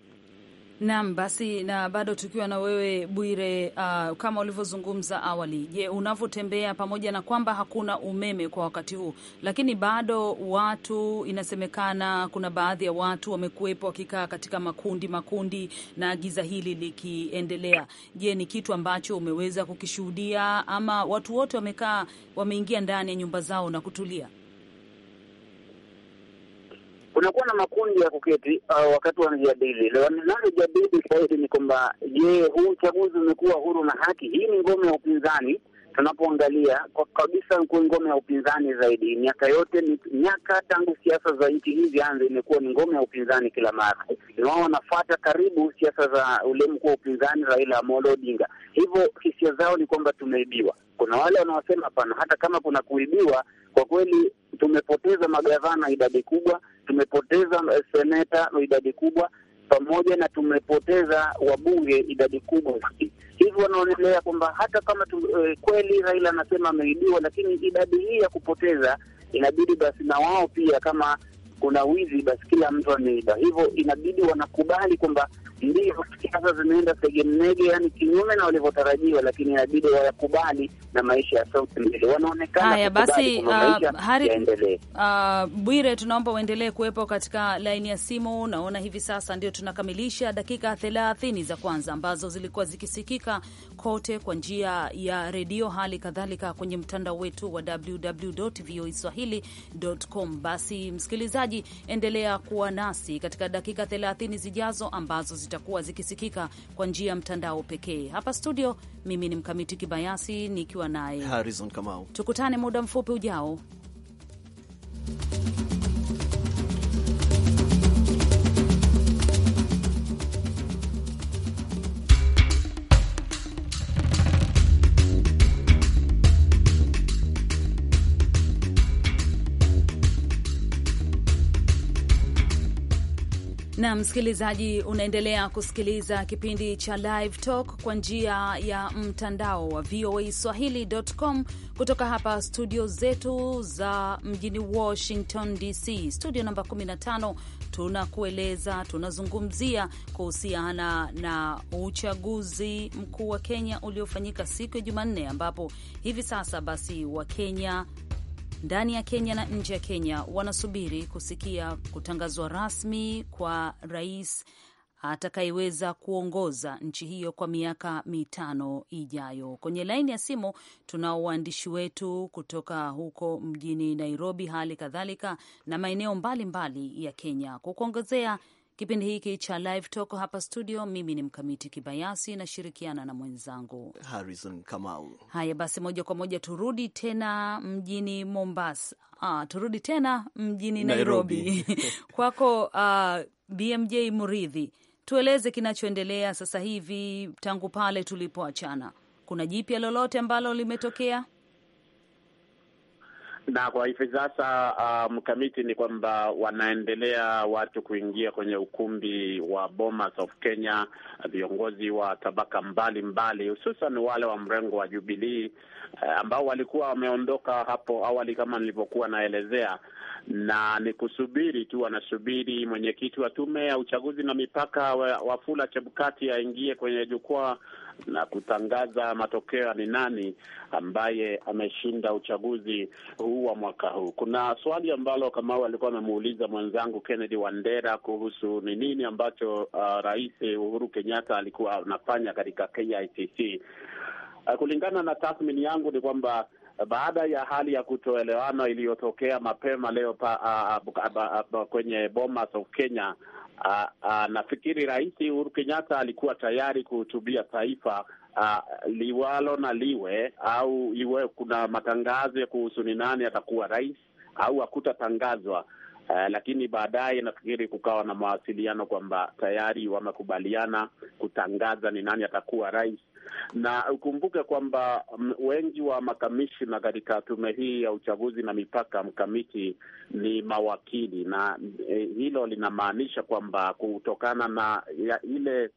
Naam, basi na bado tukiwa na wewe Bwire, uh, kama ulivyozungumza awali, je, unavyotembea pamoja na kwamba hakuna umeme kwa wakati huu, lakini bado watu inasemekana, kuna baadhi ya watu wamekuwepo wakikaa katika makundi makundi na giza hili likiendelea. Je, ni kitu ambacho umeweza kukishuhudia ama watu wote wamekaa wameingia ndani ya nyumba zao na kutulia? kunakuwa na makundi ya kuketi uh, wakati wanajadili. Wanalojadili zaidi ni kwamba je, huu uchaguzi umekuwa huru na haki? Hii ni ngome ya upinzani. Tunapoangalia kwa kabisa, ngome ya upinzani zaidi. Miaka yote, ni miaka tangu siasa za nchi hizi anze imekuwa ni ngome ya upinzani kila mara, wao wanafuata karibu siasa za ule mkuu wa upinzani Raila Amolo Odinga. Hivyo hisia zao ni kwamba tumeibiwa. Kuna wale wanaosema hapana, hata kama kuna kuibiwa, kwa kweli tumepoteza magavana idadi kubwa tumepoteza eh, seneta idadi kubwa, pamoja na tumepoteza wabunge idadi kubwa. Hivi wanaonelea kwamba hata kama tu, eh, kweli Raila anasema ameibiwa, lakini idadi hii ya kupoteza inabidi basi na wao pia, kama kuna wizi basi kila mtu ameiba, hivyo inabidi wanakubali kwamba ndio siasa zimeenda segemnege, yani kinyume na walivyotarajiwa, lakini inabidi wayakubali na maisha ya sauti mbele. Wanaonekana haya basi. Uh, uh, Bwire, tunaomba uendelee kuwepo katika laini ya simu. Naona hivi sasa ndio tunakamilisha dakika thelathini za kwanza ambazo zilikuwa zikisikika kote kwa njia ya redio, hali kadhalika kwenye mtandao wetu wa www.voaswahili.com. Basi msikilizaji, endelea kuwa nasi katika dakika thelathini zijazo ambazo zitakuwa zikisikika kwa njia ya mtandao pekee. Hapa studio, mimi ni Mkamiti Kibayasi nikiwa naye Harrison Kamau. Tukutane muda mfupi ujao. Na msikilizaji, unaendelea kusikiliza kipindi cha Live Talk kwa njia ya mtandao wa VOA Swahili.com kutoka hapa studio zetu za mjini Washington DC, studio namba 15. Tunakueleza, tunazungumzia kuhusiana na uchaguzi mkuu wa Kenya uliofanyika siku ya Jumanne, ambapo hivi sasa basi Wakenya ndani ya Kenya na nje ya Kenya wanasubiri kusikia kutangazwa rasmi kwa rais atakayeweza kuongoza nchi hiyo kwa miaka mitano ijayo. Kwenye laini ya simu tunao waandishi wetu kutoka huko mjini Nairobi, hali kadhalika na maeneo mbalimbali ya Kenya. Kukuongezea kipindi hiki cha Live Talk hapa studio. Mimi ni Mkamiti Kibayasi, nashirikiana na mwenzangu Harrison Kamau. Haya basi, moja kwa moja turudi tena mjini Mombasa. Ah, turudi tena mjini Nairobi, Nairobi. [LAUGHS] Kwako uh, ah, BMJ Muridhi, tueleze kinachoendelea sasa hivi tangu pale tulipoachana. Kuna jipya lolote ambalo limetokea? na kwa hivi sasa uh, mkamiti, um, ni kwamba wanaendelea watu kuingia kwenye ukumbi wa Bomas of Kenya, viongozi wa tabaka mbalimbali, hususan wale wa mrengo wa jubilii uh, ambao walikuwa wameondoka hapo awali kama nilivyokuwa naelezea, na ni kusubiri tu, wanasubiri mwenyekiti wa tume ya uchaguzi na mipaka Wafula Chebukati aingie kwenye jukwaa na kutangaza matokeo ni nani ambaye ameshinda uchaguzi huu wa mwaka huu. Kuna swali ambalo Kamau alikuwa amemuuliza mwenzangu Kennedy Wandera kuhusu ni nini ambacho uh, Rais Uhuru Kenyatta alikuwa anafanya katika KICC. Uh, kulingana na tathmini yangu ni kwamba uh, baada ya hali ya kutoelewana iliyotokea mapema leo pa, a, a, a, a, a, kwenye Bomas of Kenya nafikiri Rais Uhuru Kenyatta alikuwa tayari kuhutubia taifa a, liwalo na liwe au iwe kuna matangazo ya kuhusu ni nani atakuwa rais au hakutatangazwa. Uh, lakini baadaye nafikiri kukawa na mawasiliano kwamba tayari wamekubaliana kutangaza ni nani atakuwa rais na ukumbuke kwamba mm, wengi wa makamishina katika tume hii ya uchaguzi na mipaka mkamiti ni mawakili, na e, hilo linamaanisha kwamba kutokana na ya, ile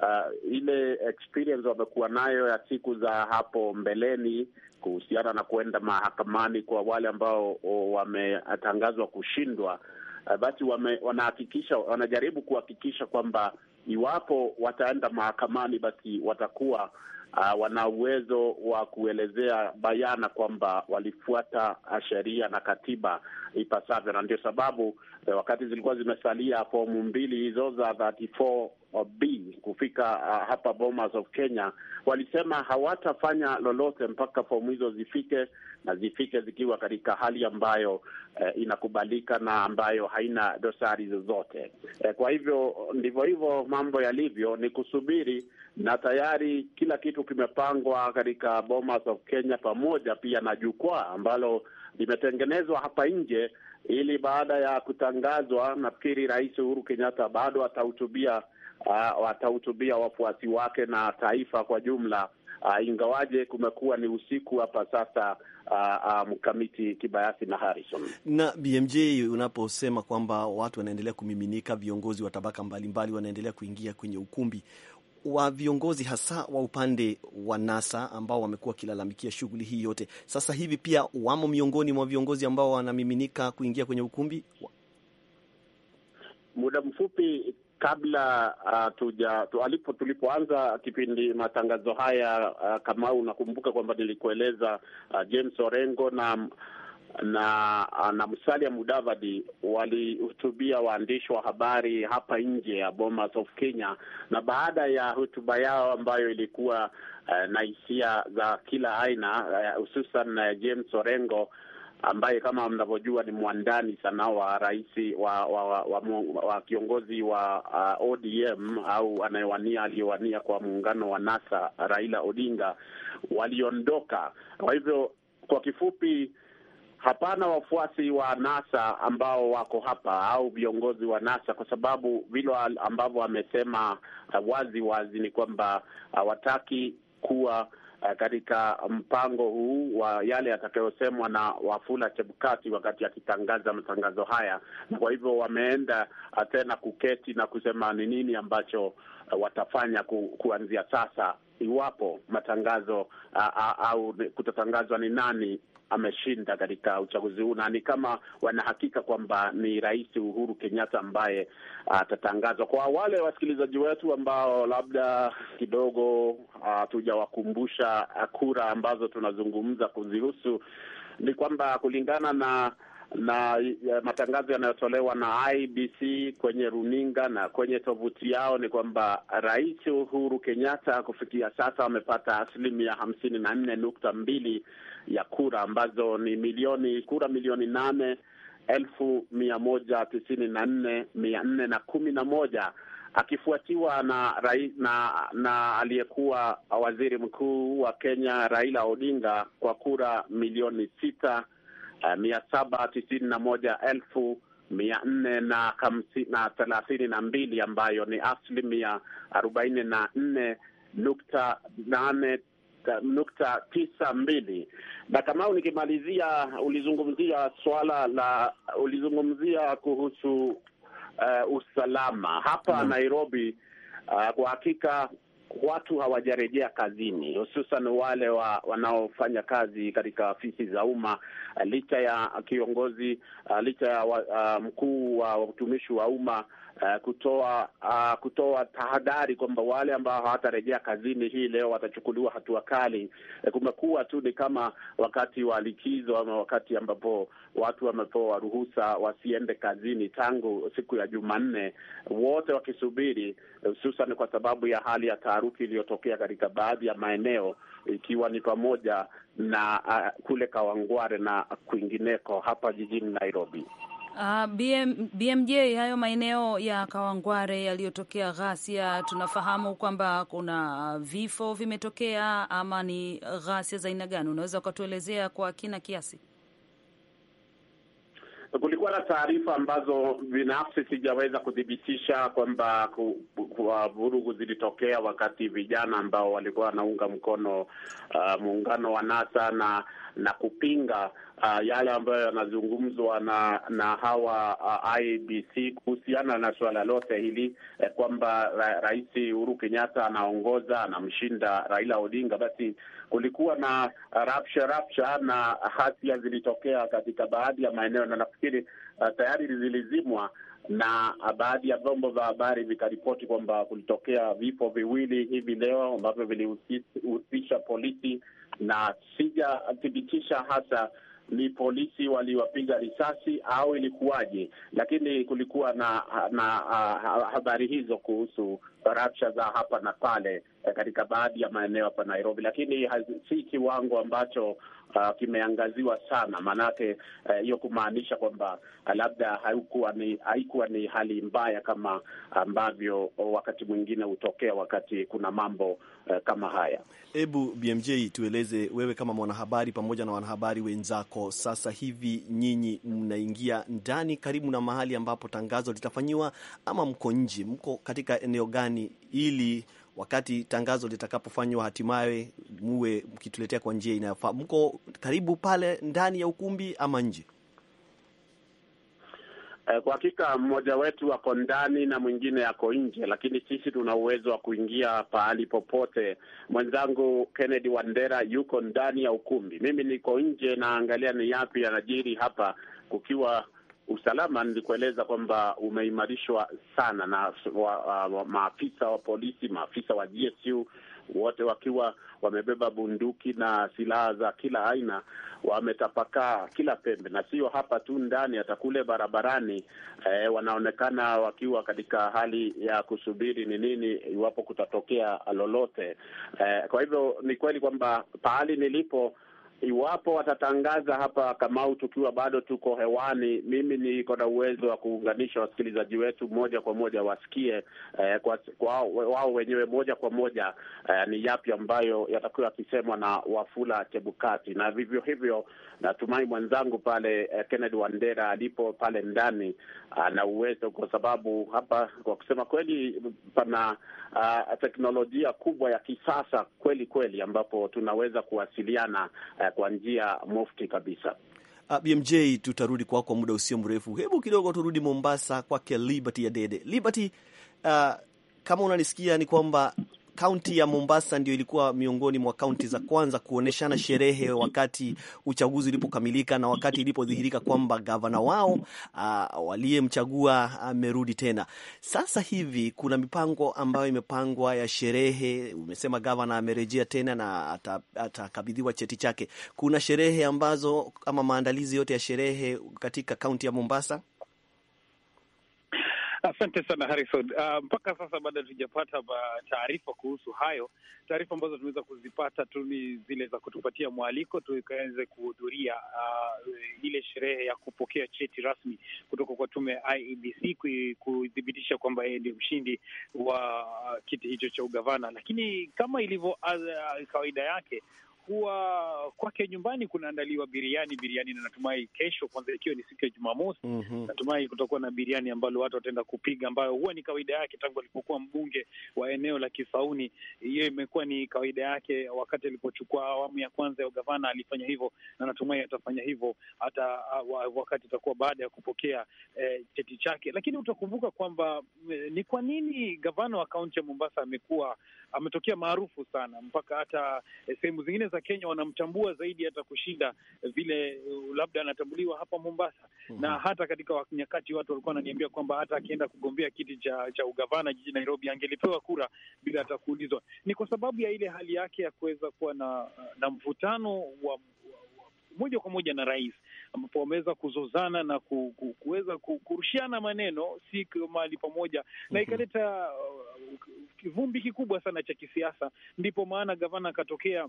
uh, ile experience wamekuwa nayo ya siku za hapo mbeleni kuhusiana na kuenda mahakamani kwa wale ambao wametangazwa kushindwa, uh, basi wame, wanahakikisha wanajaribu kuhakikisha kwamba iwapo wataenda mahakamani, basi watakuwa uh, wana uwezo wa kuelezea bayana kwamba walifuata ah, sheria na katiba ipasavyo, na ndio sababu eh, wakati zilikuwa zimesalia fomu mbili hizo za B kufika uh, hapa Bomas of Kenya, walisema hawatafanya lolote mpaka fomu hizo zifike na zifike zikiwa katika hali ambayo uh, inakubalika na ambayo haina dosari zozote. Uh, kwa hivyo ndivyo hivyo mambo yalivyo, ni kusubiri, na tayari kila kitu kimepangwa katika Bomas of Kenya, pamoja pia na jukwaa ambalo limetengenezwa hapa nje, ili baada ya kutangazwa, nafikiri Rais Uhuru Kenyatta bado atahutubia uh, watahutubia wafuasi wake na taifa kwa jumla. Uh, ingawaje kumekuwa ni usiku hapa sasa, ah, mkamiti um, Kibayasi na Harrison na BMJ, unaposema kwamba watu wanaendelea kumiminika, viongozi wa tabaka mbalimbali wanaendelea kuingia kwenye ukumbi wa viongozi hasa wa upande wa NASA ambao wamekuwa wakilalamikia shughuli hii yote. Sasa hivi pia wamo miongoni mwa viongozi ambao wanamiminika kuingia kwenye ukumbi. Muda mfupi kabla uh, tu, alipo tulipoanza kipindi matangazo haya uh, kama unakumbuka kwamba nilikueleza uh, James Orengo na na uh, na Musalia Mudavadi walihutubia waandishi wa habari hapa nje ya Bomas of Kenya, na baada ya hotuba yao ambayo ilikuwa uh, na hisia za kila aina uh, hususan uh, James Orengo ambaye kama mnavyojua ni mwandani sana wa rais wa wa, wa, wa, wa, wa kiongozi wa uh, ODM au anayewania aliyewania kwa muungano wa NASA Raila Odinga waliondoka. Kwa hivyo kwa kifupi hapana wafuasi wa NASA ambao wako hapa au viongozi wa NASA kwa sababu vile ambavyo amesema uh, wazi wazi ni kwamba uh, hawataki kuwa Eh, katika mpango huu wa yale yatakayosemwa na Wafula Chebukati wakati akitangaza matangazo haya, na kwa hivyo wameenda eh, tena kuketi na kusema ni nini ambacho eh, watafanya ku, kuanzia sasa iwapo matangazo a, a, au kutatangazwa ni nani ameshinda katika uchaguzi huu, na ni kama wanahakika kwamba ni Rais Uhuru Kenyatta ambaye atatangazwa. Kwa wale wasikilizaji wetu ambao labda kidogo hatujawakumbusha kura ambazo tunazungumza kuzihusu, ni kwamba kulingana na na matangazo yanayotolewa na IBC kwenye runinga na kwenye tovuti yao ni kwamba Rais Uhuru Kenyatta kufikia sasa amepata asilimia hamsini na nne nukta mbili ya kura ambazo ni milioni kura milioni nane elfu mia moja tisini na nne mia nne na kumi na moja akifuatiwa na, na, na aliyekuwa waziri mkuu wa Kenya Raila Odinga kwa kura milioni sita uh, mia saba tisini na moja elfu mia nne na thelathini na mbili ambayo ni asilimia arobaini na nne nukta nane nukta tisa mbili. Na Kamau, nikimalizia, ulizungumzia swala la ulizungumzia kuhusu uh, usalama hapa mm. Nairobi. Uh, kwa hakika watu hawajarejea kazini, hususan wale wa, wanaofanya kazi katika afisi za umma licha ya kiongozi uh, licha ya wa, uh, mkuu wa utumishi wa umma uh, kutoa uh, kutoa tahadhari kwamba wale ambao hawatarejea kazini hii leo watachukuliwa hatua kali. Uh, kumekuwa tu ni kama wakati wa likizo ama wakati ambapo watu wamepewa ruhusa wasiende kazini tangu siku ya Jumanne, wote wakisubiri, hususan kwa sababu ya hali ya taharuki iliyotokea katika baadhi ya maeneo ikiwa ni pamoja na uh, kule Kawangware na kwingineko hapa jijini Nairobi. Uh, ah, BM, BMJ hayo maeneo ya Kawangware yaliyotokea ghasia, tunafahamu kwamba kuna vifo vimetokea ama ni ghasia za aina gani? Unaweza ukatuelezea kwa kina kiasi? kulikuwa na taarifa ambazo binafsi sijaweza kuthibitisha kwamba uh, vurugu zilitokea wakati vijana ambao walikuwa wanaunga mkono uh, muungano wa NASA na na kupinga uh, yale ambayo yanazungumzwa na na hawa uh, IBC kuhusiana na suala lote hili eh, kwamba ra, Rais Uhuru Kenyatta anaongoza anamshinda Raila Odinga basi kulikuwa na rapsha rapsha na hasia zilitokea katika baadhi ya maeneo, na nafikiri uh, tayari zilizimwa na baadhi ya vyombo vya habari vikaripoti kwamba kulitokea vifo viwili hivi leo ambavyo vilihusisha polisi, na sijathibitisha hasa ni polisi waliwapiga risasi au ilikuwaje? Lakini kulikuwa na na ah, ah, habari hizo kuhusu rabsha za hapa na pale eh, katika baadhi ya maeneo hapa Nairobi, lakini si kiwango ambacho uh, kimeangaziwa sana, maanake uh, hiyo uh, kumaanisha kwamba uh, labda haikuwa ni haikuwa ni hali mbaya kama ambavyo wakati mwingine hutokea wakati kuna mambo uh, kama haya. Hebu BMJ tueleze wewe kama mwanahabari pamoja na wanahabari wenzako, sasa hivi nyinyi mnaingia ndani karibu na mahali ambapo tangazo litafanyiwa ama mko nje, mko katika eneo gani ili wakati tangazo litakapofanywa hatimaye muwe mkituletea kwa njia inayofaa. Mko karibu pale ndani ya ukumbi ama nje? Eh, kwa hakika mmoja wetu ako ndani na mwingine ako nje, lakini sisi tuna uwezo wa kuingia pahali popote. Mwenzangu Kennedy Wandera yuko ndani ya ukumbi, mimi niko nje, naangalia ni yapi yanajiri hapa, kukiwa usalama, nilikueleza kwamba umeimarishwa sana na wa, wa, maafisa wa polisi, maafisa wa GSU wote wakiwa wamebeba bunduki na silaha za kila aina, wametapakaa kila pembe, na sio hapa tu ndani, hata kule barabarani eh, wanaonekana wakiwa katika hali ya kusubiri ni nini iwapo kutatokea lolote eh. Kwa hivyo ni kweli kwamba pahali nilipo iwapo watatangaza hapa, Kamau, tukiwa bado tuko hewani, mimi niko na uwezo wa kuunganisha wasikilizaji wetu moja kwa moja wasikie eh, kwa, kwa wao wenyewe moja kwa moja eh, ni yapi ambayo yatakuwa yakisemwa na Wafula Chebukati, na vivyo hivyo natumai mwenzangu pale eh, Kennedy Wandera alipo pale ndani ah, ana ah, uwezo, kwa sababu hapa kwa kusema kweli pana ah, teknolojia kubwa ya kisasa kweli kweli, ambapo tunaweza kuwasiliana eh, kwa njia mufti kabisa. Ah, BMJ, tutarudi kwako kwa muda usio mrefu. Hebu kidogo turudi Mombasa kwake Liberty ya Dede. Liberty, uh, kama unanisikia ni kwamba kaunti ya Mombasa ndio ilikuwa miongoni mwa kaunti za kwanza kuoneshana sherehe wakati uchaguzi ulipokamilika na wakati ilipodhihirika kwamba gavana wao waliyemchagua amerudi tena. Sasa hivi kuna mipango ambayo imepangwa ya sherehe. Umesema gavana amerejea tena na atakabidhiwa cheti chake. Kuna sherehe ambazo ama maandalizi yote ya sherehe katika kaunti ya Mombasa Asante sana Harrison. Uh, mpaka sasa bado hatujapata taarifa kuhusu hayo. Taarifa ambazo tumeweza kuzipata tu ni zile za kutupatia mwaliko tukaweze kuhudhuria uh, ile sherehe ya kupokea cheti rasmi kutoka kwa tume ya IEBC kuthibitisha kwamba yeye ndio mshindi wa ah, kiti hicho cha ugavana, lakini kama ilivyo kawaida yake kuwa kwake nyumbani kunaandaliwa biriani. Biriani na natumai kesho, kwanza ikiwa ni siku ya Jumamosi, mm -hmm. natumai kutakuwa na biriani ambalo watu wataenda kupiga, ambayo huwa ni kawaida yake tangu alipokuwa mbunge wa eneo la Kisauni. Hiyo imekuwa ni kawaida yake, wakati alipochukua awamu ya kwanza ya ugavana alifanya hivyo, na natumai atafanya hivyo hata uh, wakati itakuwa baada ya kupokea eh, cheti chake. Lakini utakumbuka kwamba eh, ni kwa nini gavana wa kaunti ya Mombasa amekuwa ametokea maarufu sana mpaka hata eh, sehemu zingine za sasa Kenya wanamtambua zaidi hata kushinda eh, vile eh, labda anatambuliwa hapa Mombasa. mm -hmm. Na hata katika nyakati watu walikuwa wananiambia kwamba hata akienda kugombea kiti cha cha ugavana jiji Nairobi angelipewa kura bila hata kuulizwa. Ni kwa sababu ya ile hali yake ya kuweza kuwa na, na mvutano wa moja kwa moja na rais ambapo wameweza kuzozana na ku, ku, kuweza kurushiana maneno si mahali pamoja, na mhm. ikaleta uh, kivumbi kikubwa sana cha kisiasa. Ndipo maana gavana akatokea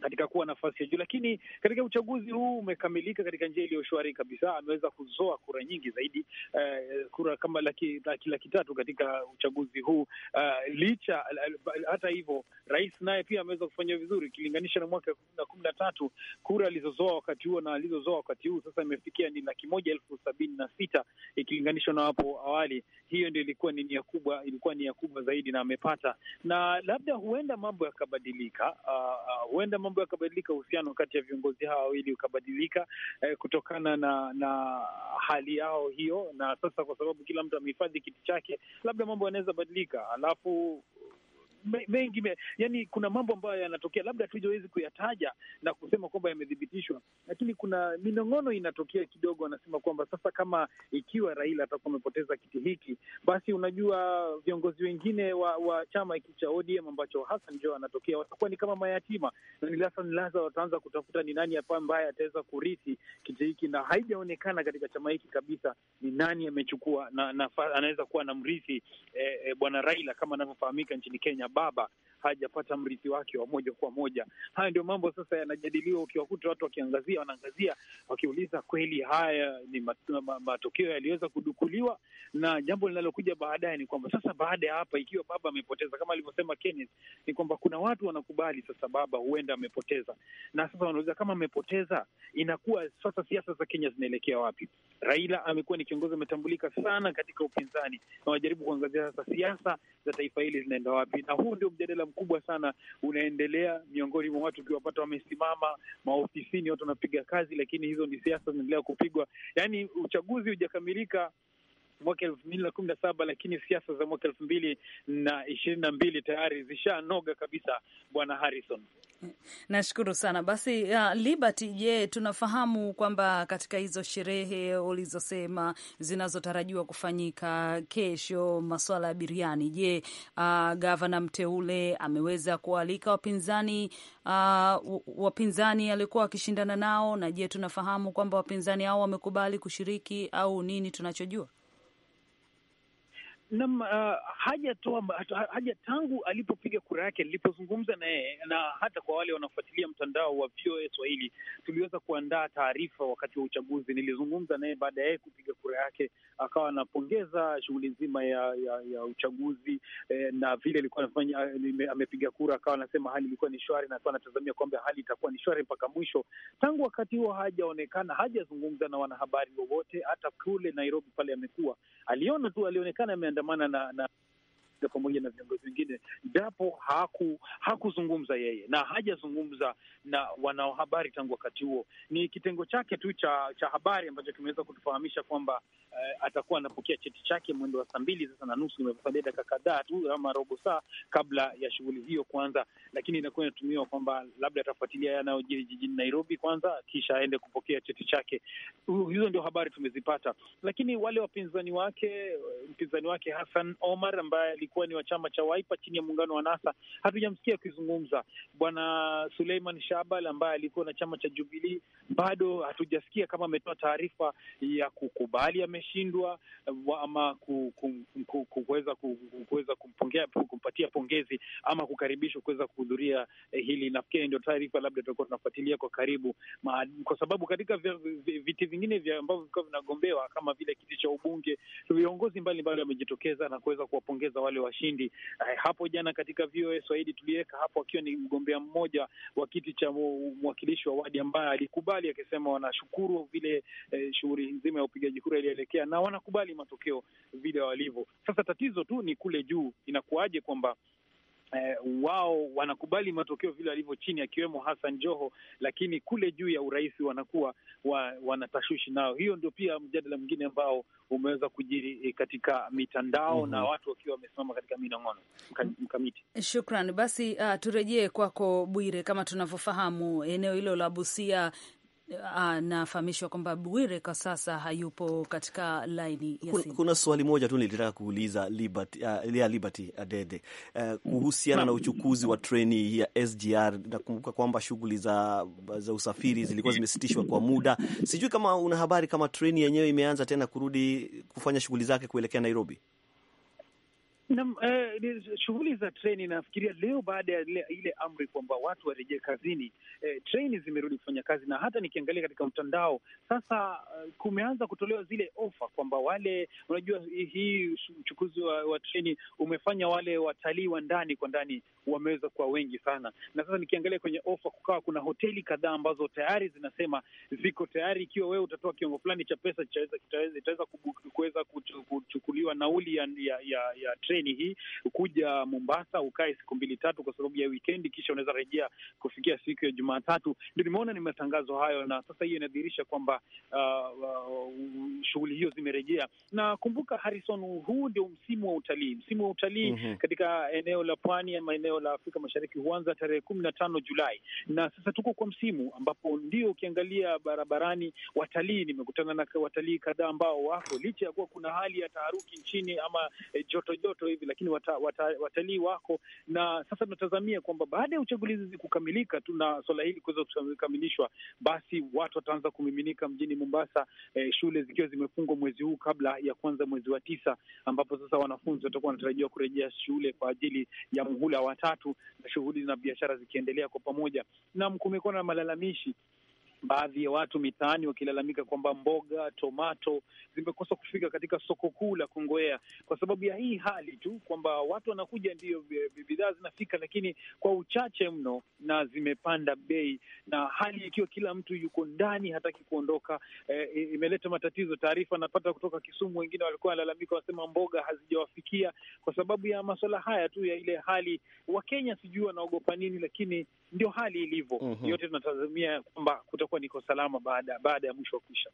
katika kuwa nafasi ya juu, lakini katika uchaguzi huu umekamilika katika njia iliyo shwari kabisa. Ameweza kuzoa kura nyingi zaidi, uh, kura kama laki, laki, laki tatu katika uchaguzi huu uh, licha hata hivyo, rais naye pia ameweza kufanya vizuri ikilinganisha na mwaka elfu mbili na kumi na tatu kura alizozoa wakati huo na alizozoa wakati huu sasa imefikia ni laki moja elfu sabini na sita ikilinganishwa na hapo awali. Hiyo ndio ilikuwa ni nia kubwa, ilikuwa nia kubwa zaidi na amepata, na labda huenda mambo yakabadilika, uh, uh, huenda mambo mambo yakabadilika, uhusiano kati ya viongozi hawa wawili ukabadilika eh, kutokana na na hali yao hiyo, na sasa kwa sababu kila mtu amehifadhi kiti chake, labda mambo yanaweza badilika, alafu mengi me, yani kuna mambo ambayo yanatokea labda tujawezi kuyataja na kusema kwamba yamethibitishwa, lakini kuna minong'ono inatokea kidogo. Anasema kwamba sasa kama ikiwa Raila atakuwa amepoteza kiti hiki, basi unajua viongozi wengine wa, wa chama hiki cha ODM ambacho Hassan Jo anatokea watakuwa ni kama mayatima, na ni Hassan Laza wataanza kutafuta ni nani hapa ambaye ataweza kurithi kiti hiki, na haijaonekana katika chama hiki kabisa ni nani amechukua na, na anaweza kuwa na mrithi eh, eh, bwana Raila kama anavyofahamika nchini Kenya baba hajapata mrithi wake wa moja kwa moja. Haya ndio mambo sasa yanajadiliwa, ukiwakuta watu wakiangazia, wanaangazia wakiuliza, kweli haya ni matokeo yaliyoweza kudukuliwa? Na jambo linalokuja baadaye ni kwamba sasa, baada ya hapa, ikiwa baba amepoteza kama alivyosema Kenneth, ni kwamba kuna watu wanakubali sasa baba huenda amepoteza, na sasa wanauliza kama amepoteza, inakuwa sasa siasa za Kenya zinaelekea wapi? Raila amekuwa ni kiongozi ametambulika sana katika upinzani, na wanajaribu kuangazia sasa siasa za taifa hili zinaenda wapi, na huu ndio mjadala mkubwa sana unaendelea miongoni mwa watu, ukiwapata wamesimama maofisini, watu wanapiga kazi, lakini hizo ni siasa zinaendelea kupigwa. Yaani uchaguzi hujakamilika, mwaka elfu mbili na kumi na saba, lakini siasa za mwaka elfu mbili na ishirini na mbili tayari zishanoga kabisa, Bwana Harrison. Nashukuru sana basi. Uh, Liberty, je, tunafahamu kwamba katika hizo sherehe ulizosema zinazotarajiwa kufanyika kesho, masuala ya biriani, je, uh, gavana mteule ameweza kualika wapinzani uh, wapinzani aliokuwa akishindana nao, na je tunafahamu kwamba wapinzani hao wamekubali kushiriki au nini tunachojua? Nam, uh, hajatoa haja tangu alipopiga kura yake. Nilipozungumza naye na hata kwa wale wanaofuatilia mtandao wa VOA Swahili, tuliweza kuandaa taarifa wakati wa uchaguzi. Nilizungumza naye baada ya yeye kupiga kura yake, akawa anapongeza shughuli nzima ya, ya, ya uchaguzi eh, na vile alikuwa anafanya. Ah, amepiga kura akawa anasema hali ilikuwa ni shwari, na akawa anatazamia kwamba hali itakuwa ni shwari mpaka mwisho. Tangu wakati huo hajaonekana, hajazungumza na wanahabari wowote, hata kule Nairobi pale amekuwa aliona tu, alionekana kuandamana na, na moja kwa moja na viongozi wengine, japo haku, hakuzungumza yeye na hajazungumza na wanaohabari tangu wakati huo. Ni kitengo chake tu cha cha habari ambacho kimeweza kutufahamisha kwamba eh, atakuwa anapokea cheti chake mwendo wa saa mbili sasa na nusu. Imesalia dakika kadhaa tu ama robo saa kabla ya shughuli hiyo kuanza, lakini inakuwa inatumiwa kwamba labda atafuatilia yanayojiri jijini Nairobi kwanza, kisha aende kupokea cheti chake. Hizo ndio habari tumezipata, lakini wale wapinzani wake mpinzani wake Hassan Omar ambaye alikuwa ni wa chama cha Waipa chini ya muungano wa NASA, hatujamsikia akizungumza. Bwana Suleiman Shabal ambaye alikuwa na chama cha Jubilii, bado hatujasikia kama ametoa taarifa ya kukubali ameshindwa ama kuweza kuweza kumpongea kumpatia pongezi ama kukaribishwa kuweza kuhudhuria eh, hili. Nafikiri ndio taarifa labda tutakuwa tunafuatilia kwa karibu Ma, kwa sababu katika viti vingine vya ambavyo vilikuwa vinagombewa kama vile kiti cha ubunge, viongozi mbalimbali wamejitokeza na kuweza kuwapongeza wale wale washindi Uh, Hapo jana katika VOA Swahili tuliweka hapo, akiwa ni mgombea mmoja wa kiti cha mwakilishi wa wadi ambaye alikubali akisema wanashukuru vile eh, shughuli nzima ya upigaji kura ilielekea na wanakubali matokeo vile walivyo. Sasa tatizo tu ni kule juu, inakuwaje kwamba Eh, wao wanakubali matokeo vile alivyo chini, akiwemo Hassan Joho, lakini kule juu ya urais wanakuwa wa, wanatashushi nao. Hiyo ndio pia mjadala mwingine ambao umeweza kujiri eh, katika mitandao mm -hmm. na mhm. watu wakiwa wamesimama katika minong'ono mkamiti. Shukran. Basi uh, turejee kwako Bwire. Kama tunavyofahamu eneo hilo la Busia anafahamishwa kwamba Bwire kwa sasa hayupo katika laini ya simu. Kuna, kuna swali moja tu nilitaka kuuliza Liberty, uh, Liberty Adede uh, kuhusiana na uchukuzi wa treni ya SGR. Nakumbuka kwamba shughuli za, za usafiri zilikuwa zimesitishwa kwa muda. Sijui kama una habari kama treni yenyewe imeanza tena kurudi kufanya shughuli zake kuelekea Nairobi. Naam, eh, shughuli za treni nafikiria leo baada ya ile amri kwamba watu warejee kazini, eh, treni zimerudi kufanya kazi, na hata nikiangalia katika mtandao sasa, uh, kumeanza kutolewa zile ofa kwamba wale, unajua hii uchukuzi wa, wa treni umefanya wale watalii wa ndani kwa ndani wameweza kuwa wengi sana, na sasa nikiangalia kwenye ofa kukawa kuna hoteli kadhaa ambazo tayari zinasema ziko tayari, ikiwa wewe utatoa kiwango fulani cha pesa itaweza kuweza kuchukuliwa nauli ya, ya, ya, ya treni kampeni hii kuja Mombasa ukae siku mbili tatu, kwa sababu ya wikendi, kisha unaweza rejea kufikia siku ya Jumatatu. Ndio nimeona ni matangazo hayo, na sasa hiyo inadhihirisha kwamba uh, uh, shughuli hiyo zimerejea. Na kumbuka Harrison, huu ndio msimu wa utalii. Msimu wa utalii mm -hmm. katika eneo la pwani ama eneo la Afrika Mashariki huanza tarehe kumi na tano Julai, na sasa tuko kwa msimu ambapo ndio ukiangalia barabarani watalii, nimekutana na watalii kadhaa ambao wako licha ya kuwa kuna hali ya taharuki nchini ama eh, joto joto hivi, lakini watalii wata, watalii wako na sasa tunatazamia kwamba baada ya uchaguzi hizi kukamilika tu na swala hili kuweza kukamilishwa, basi watu wataanza kumiminika mjini Mombasa, eh, shule zikiwa zimefungwa mwezi huu kabla ya kuanza mwezi wa tisa, ambapo sasa wanafunzi watakuwa wanatarajiwa kurejea shule kwa ajili ya muhula wa tatu, na shughuli na biashara zikiendelea kwa pamoja. nam kumekuwa na malalamishi baadhi ya watu mitaani wakilalamika kwamba mboga, tomato zimekosa kufika katika soko kuu la Kongowea kwa sababu ya hii hali tu kwamba watu wanakuja, ndio bidhaa zinafika, lakini kwa uchache mno, na zimepanda bei, na hali ikiwa kila mtu yuko ndani, hataki kuondoka, eh, imeleta matatizo. Taarifa napata kutoka Kisumu, wengine walikuwa wanalalamika, wanasema mboga hazijawafikia kwa sababu ya masuala haya tu ya ile hali. Wakenya sijui wanaogopa nini, lakini ndio hali ilivyo. mm Yote tunatazamia kwamba nitakuwa niko salama baada baada ya mwisho wa kuisha.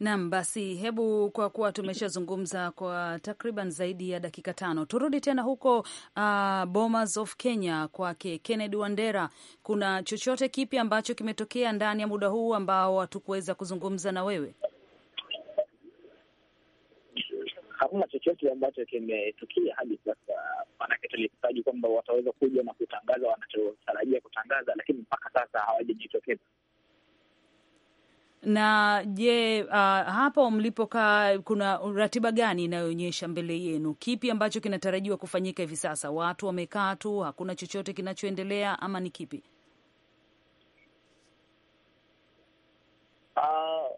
Naam, basi hebu kwa kuwa tumeshazungumza kwa takriban zaidi ya dakika tano, turudi tena huko uh, Bomas of Kenya kwake Kennedy Wandera. Kuna chochote kipi ambacho kimetokea ndani ya muda huu ambao hatukuweza kuzungumza na wewe? Hakuna chochote ambacho kimetukia hadi sasa, maanake tulitaraji kwamba wataweza kuja na kutangaza wanachotarajia kutangaza, lakini mpaka sasa hawajajitokeza. Na je, uh, hapo mlipokaa kuna ratiba gani inayoonyesha mbele yenu? Kipi ambacho kinatarajiwa kufanyika hivi sasa? Watu wamekaa tu, hakuna chochote kinachoendelea ama ni kipi? Uh,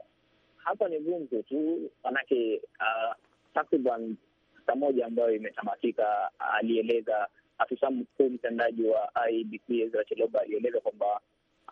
hapa ni gumzo tu, manake uh, takriban saa moja ambayo imetamatika, alieleza afisa mkuu mtendaji wa IBC Ezra Cheloba alieleza kwamba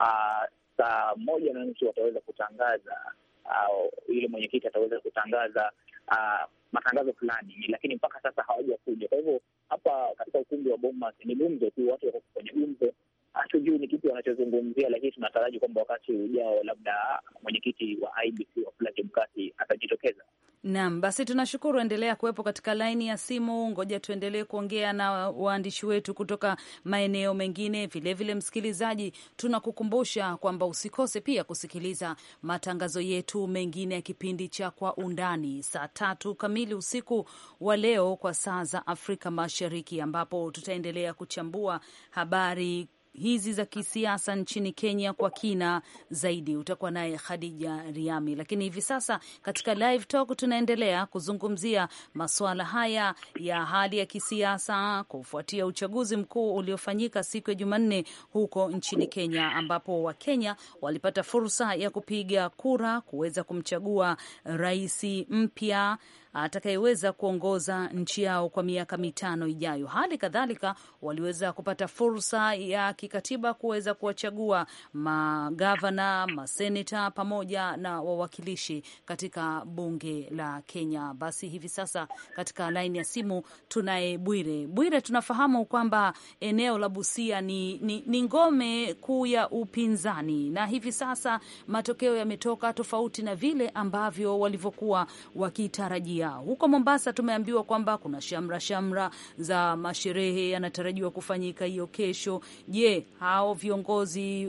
uh, saa moja na nusu wataweza kutangaza uh, yule mwenyekiti ataweza kutangaza uh, matangazo fulani, lakini mpaka sasa hawajakuja. Kwa hivyo hapa katika ukumbi wa Bomas ni gumzo tu, watu wako kwenye gumzo hatujui ni kipi wanachozungumzia, lakini tunataraji kwamba wakati ujao labda mwenyekiti wa IBC Wafula Chebukati atajitokeza. Naam, basi tunashukuru, endelea kuwepo katika laini ya simu. Ngoja tuendelee kuongea na waandishi wetu kutoka maeneo mengine vilevile. Vile msikilizaji, tunakukumbusha kwamba usikose pia kusikiliza matangazo yetu mengine ya kipindi cha Kwa Undani saa tatu kamili usiku wa leo kwa saa za Afrika Mashariki, ambapo tutaendelea kuchambua habari hizi za kisiasa nchini Kenya kwa kina zaidi, utakuwa naye Khadija Riami. Lakini hivi sasa katika live talk tunaendelea kuzungumzia masuala haya ya hali ya kisiasa kufuatia uchaguzi mkuu uliofanyika siku ya Jumanne huko nchini Kenya, ambapo Wakenya walipata fursa ya kupiga kura kuweza kumchagua rais mpya atakayeweza kuongoza nchi yao kwa miaka mitano ijayo. Hali kadhalika waliweza kupata fursa ya kikatiba kuweza kuwachagua magavana, maseneta pamoja na wawakilishi katika bunge la Kenya. Basi hivi sasa katika laini ya simu tunaye Bwire. Bwire, tunafahamu kwamba eneo la Busia ni, ni, ni ngome kuu ya upinzani na hivi sasa matokeo yametoka tofauti na vile ambavyo walivyokuwa wakitarajia yao. Huko Mombasa tumeambiwa kwamba kuna shamra shamra za masherehe yanatarajiwa kufanyika hiyo kesho. Je, hao viongozi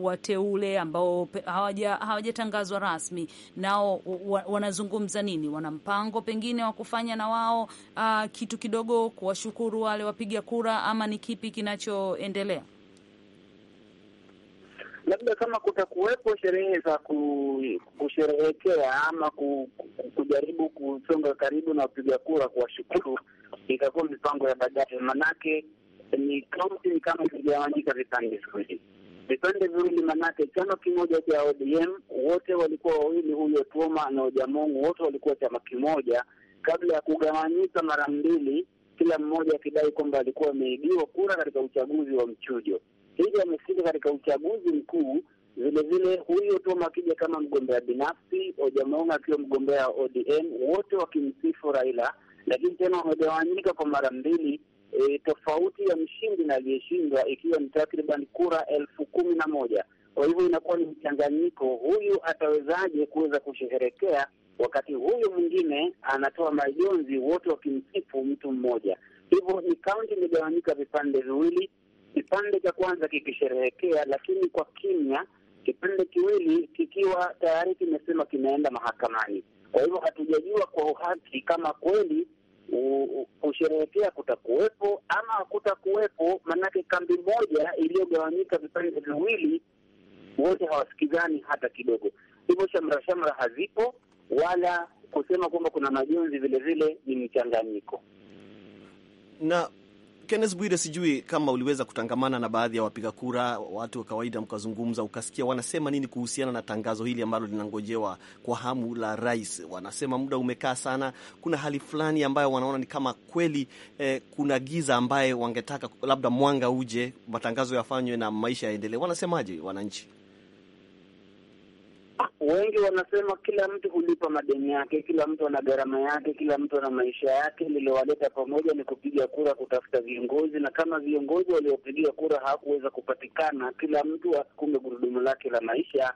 wateule ambao hawajatangazwa rasmi nao wanazungumza nini? Wana mpango pengine wa kufanya na wao uh, kitu kidogo kuwashukuru wale wapiga kura, ama ni kipi kinachoendelea? labda kama kutakuwepo sherehe za kusherehekea ama kujaribu kusonga karibu na wapiga kura kuwashukuru, itakuwa mipango ya baadaye. Manake ni kaunti ni kama iligawanyika vipande viwili, vipande viwili, manake chama kimoja cha ODM wote walikuwa wawili, huyo Tuoma na Ojamongu wote walikuwa chama kimoja kabla ya kugawanyika mara mbili, kila mmoja akidai kwamba alikuwa ameibiwa kura katika uchaguzi wa mchujo hili amefika katika uchaguzi mkuu. Vilevile huyo toma akija kama mgombea binafsi, Ojamonga akiwa mgombea ODM, wote wakimsifu Raila, lakini tena wamegawanyika kwa mara mbili. E, tofauti ya mshindi na aliyeshindwa ikiwa ni takriban kura elfu kumi na moja. Kwa hivyo inakuwa ni mchanganyiko, huyu atawezaje kuweza kusherehekea wakati huyu mwingine anatoa majonzi, wote wakimsifu mtu mmoja. Hivyo ni kaunti imegawanyika vipande viwili, Kipande cha kwanza kikisherehekea, lakini kwa kimya. Kipande kiwili kikiwa tayari kimesema kimeenda mahakamani. Kwa hivyo hatujajua kwa uhaki kama kweli kusherehekea kutakuwepo ama hakutakuwepo, maanake kambi moja iliyogawanyika vipande viwili, wote hawasikizani hata kidogo. Hivyo shamra shamra hazipo, wala kusema kwamba kuna majonzi vilevile, ni mchanganyiko na Kenneth Bwire, sijui kama uliweza kutangamana na baadhi ya wapiga kura, watu wa kawaida, mkazungumza, ukasikia wanasema nini kuhusiana na tangazo hili ambalo linangojewa kwa hamu la rais. Wanasema muda umekaa sana, kuna hali fulani ambayo wanaona ni kama kweli eh, kuna giza ambaye wangetaka labda mwanga uje, matangazo yafanywe na maisha yaendelee. Wanasemaje wananchi? Wengi wanasema kila mtu hulipa madeni yake, kila mtu ana gharama yake, kila mtu ana maisha yake. Lilowaleta pamoja ni kupiga kura, kutafuta viongozi, na kama viongozi waliopigia kura hawakuweza kupatikana, kila mtu asukume gurudumu lake la maisha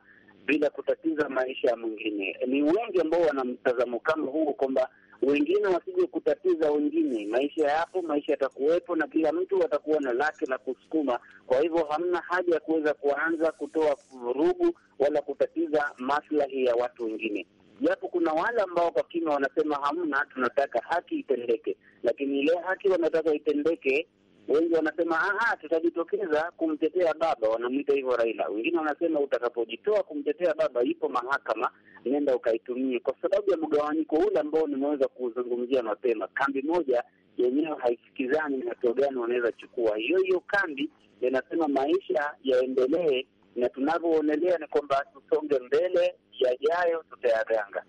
bila kutatiza maisha ya mwingine. Ni wengi ambao wana mtazamo kama huo kwamba wengine wasije kutatiza wengine. Maisha yapo, maisha yatakuwepo, na kila mtu atakuwa na lake la kusukuma. Kwa hivyo hamna haja ya kuweza kuanza kutoa vurugu wala kutatiza maslahi ya watu wengine, japo kuna wale ambao kwa kima wanasema hamna, tunataka haki itendeke, lakini ile haki wanataka itendeke wengi wanasema aha, tutajitokeza kumtetea baba, wanamwita hivyo Raila. Wengine wanasema utakapojitoa kumtetea baba, ipo mahakama, nenda ukaitumie, kwa sababu ya mgawanyiko ule ambao nimeweza kuzungumzia mapema. Kambi moja yenyewe haisikizani ni hatua gani wanaweza chukua. Hiyo hiyo kambi inasema maisha yaendelee, na tunavyoonelea ni kwamba tusonge mbele, yajayo tutayaganga.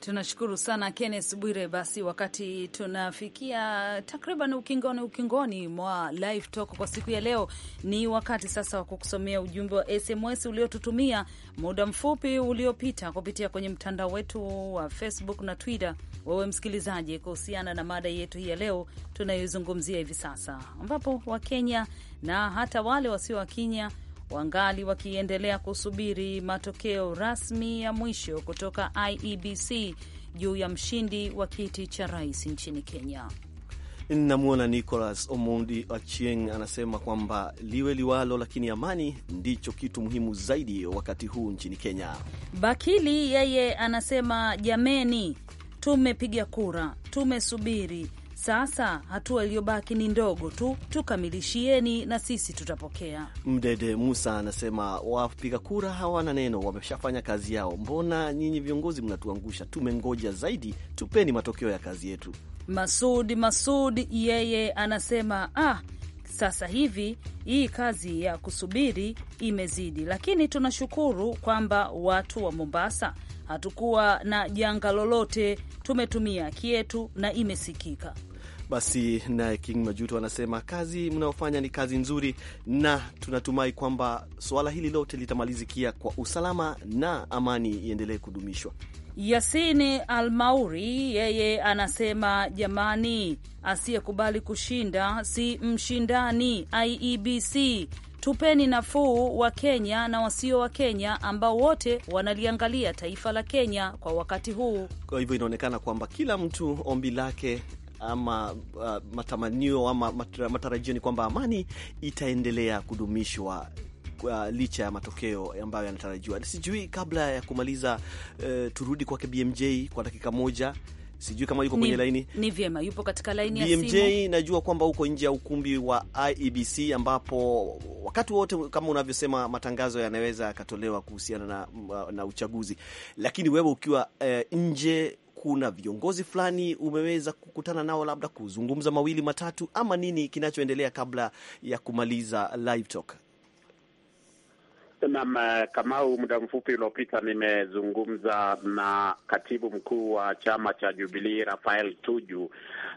Tunashukuru sana Kenneth Bwire. Basi wakati tunafikia takriban ukingoni ukingoni mwa live talk kwa siku ya leo, ni wakati sasa wa kukusomea ujumbe wa SMS uliotutumia muda mfupi uliopita kupitia kwenye mtandao wetu wa Facebook na Twitter, wewe msikilizaji, kuhusiana na mada yetu hii ya leo tunayoizungumzia hivi sasa, ambapo Wakenya na hata wale wasio wakenya wangali wakiendelea kusubiri matokeo rasmi ya mwisho kutoka IEBC juu ya mshindi wa kiti cha rais nchini Kenya. Namwona Nicolas Omondi Achieng anasema kwamba liwe liwalo, lakini amani ndicho kitu muhimu zaidi wakati huu nchini Kenya. Bakili yeye anasema jameni, tumepiga kura, tumesubiri sasa hatua iliyobaki ni ndogo tu, tukamilishieni na sisi tutapokea. Mdede Musa anasema wapiga kura hawana neno, wameshafanya kazi yao. Mbona nyinyi viongozi mnatuangusha? Tumengoja zaidi, tupeni matokeo ya kazi yetu. Masud Masud yeye anasema ah, sasa hivi hii kazi ya kusubiri imezidi, lakini tunashukuru kwamba watu wa Mombasa hatukuwa na janga lolote, tumetumia haki yetu na imesikika. Basi naye King Majuto anasema kazi mnaofanya ni kazi nzuri, na tunatumai kwamba suala hili lote litamalizikia kwa usalama na amani iendelee kudumishwa. Yasini Almauri yeye anasema jamani, asiyekubali kushinda si mshindani. IEBC tupeni nafuu wa Kenya na wasio wa Kenya ambao wote wanaliangalia taifa la Kenya kwa wakati huu. Kwa hivyo inaonekana kwamba kila mtu ombi lake ama uh, matamanio ama matarajio ni kwamba amani itaendelea kudumishwa uh, licha ya matokeo ambayo yanatarajiwa. Sijui kabla ya kumaliza uh, turudi kwake BMJ kwa dakika moja. Sijui kama yuko kwenye laini. Ni vyema yupo katika laini ya simu. Najua kwamba uko nje ya ukumbi wa IEBC ambapo wakati wote kama unavyosema matangazo yanaweza yakatolewa kuhusiana na, na uchaguzi, lakini wewe ukiwa uh, nje kuna viongozi fulani umeweza kukutana nao, labda kuzungumza mawili matatu, ama nini kinachoendelea kabla ya kumaliza live talk? Naam, eh, Kamau, muda mfupi uliopita nimezungumza na katibu mkuu wa chama cha jubilii Rafael Tuju,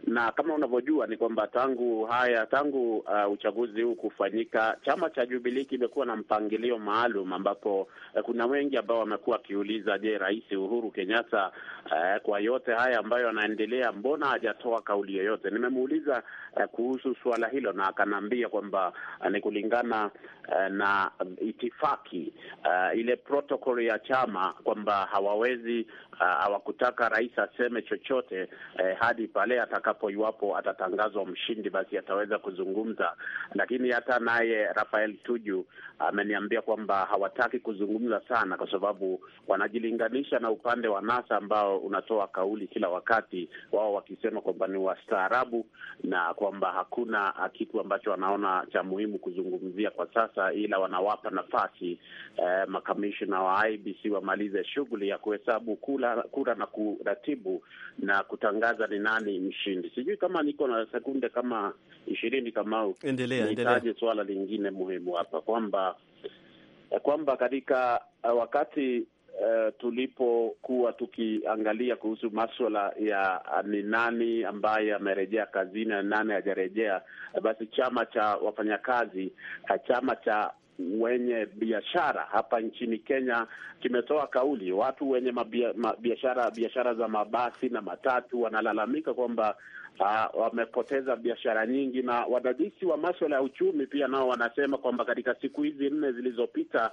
na kama unavyojua ni kwamba tangu haya tangu uh, uchaguzi huu kufanyika, chama cha jubilii kimekuwa na mpangilio maalum ambapo uh, kuna wengi ambao wamekuwa wakiuliza, je, Rais Uhuru Kenyatta uh, kwa yote haya ambayo anaendelea, mbona hajatoa kauli yoyote? Nimemuuliza uh, kuhusu suala hilo na akanaambia kwamba uh, ni kulingana uh, na itifaki haki uh, ile protokoli ya chama kwamba hawawezi Ah, hawakutaka rais aseme chochote eh, hadi pale atakapo, iwapo atatangazwa mshindi, basi ataweza kuzungumza. Lakini hata naye Rafael Tuju ameniambia kwamba hawataki kuzungumza sana, kwa sababu wanajilinganisha na upande wa NASA ambao unatoa kauli kila wakati, wao wakisema kwamba ni wastaarabu na kwamba hakuna kitu ambacho wanaona cha muhimu kuzungumzia kwa sasa, ila wanawapa nafasi eh, makamishna wa IBC wamalize shughuli ya kuhesabu kula kura na kuratibu na kutangaza ni nani mshindi. Sijui kama niko na sekunde kama ishirini, Kamau, nitaje suala lingine muhimu hapa kwamba kwamba katika uh, wakati Uh, tulipokuwa tukiangalia kuhusu maswala ya uh, ni nani ambaye amerejea kazini na nani hajarejea, basi chama cha wafanyakazi, uh, chama cha wenye biashara hapa nchini Kenya kimetoa kauli. Watu wenye biashara biashara za mabasi na matatu wanalalamika kwamba Uh, wamepoteza biashara nyingi, na wadadisi wa maswala ya uchumi pia nao wanasema kwamba katika siku hizi nne zilizopita,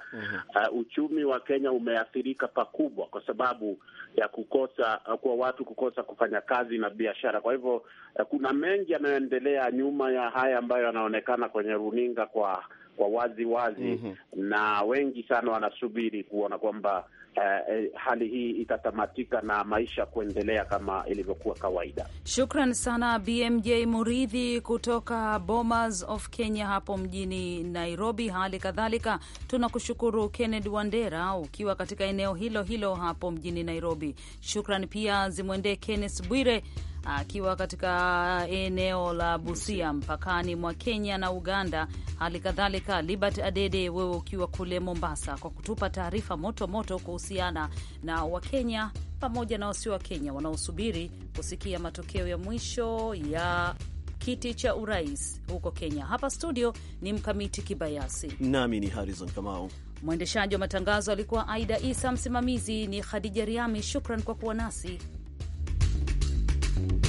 uh, uchumi wa Kenya umeathirika pakubwa kwa sababu ya kukosa uh, kwa watu kukosa kufanya kazi na biashara. Kwa hivyo uh, kuna mengi yanayoendelea nyuma ya haya ambayo yanaonekana kwenye runinga kwa kwa wazi wazi mm -hmm. na wengi sana wanasubiri kuona kwamba Uh, hali hii itatamatika na maisha kuendelea kama ilivyokuwa kawaida. Shukran sana BMJ Muridhi kutoka Bomas of Kenya hapo mjini Nairobi. Hali kadhalika tunakushukuru Kennedy Wandera ukiwa katika eneo hilo hilo hapo mjini Nairobi. Shukran pia zimwendee Kenneth Bwire akiwa katika eneo la Busia mpakani mwa Kenya na Uganda. Hali kadhalika Libert Adede, wewe ukiwa kule Mombasa, kwa kutupa taarifa moto moto kuhusiana na Wakenya pamoja na wasio wa Kenya wanaosubiri kusikia matokeo ya mwisho ya kiti cha urais huko Kenya. Hapa studio ni Mkamiti Kibayasi nami ni Harrison Kamau. Mwendeshaji wa matangazo alikuwa Aida Isa, msimamizi ni Khadija Riami. Shukran kwa kuwa nasi. Thank you.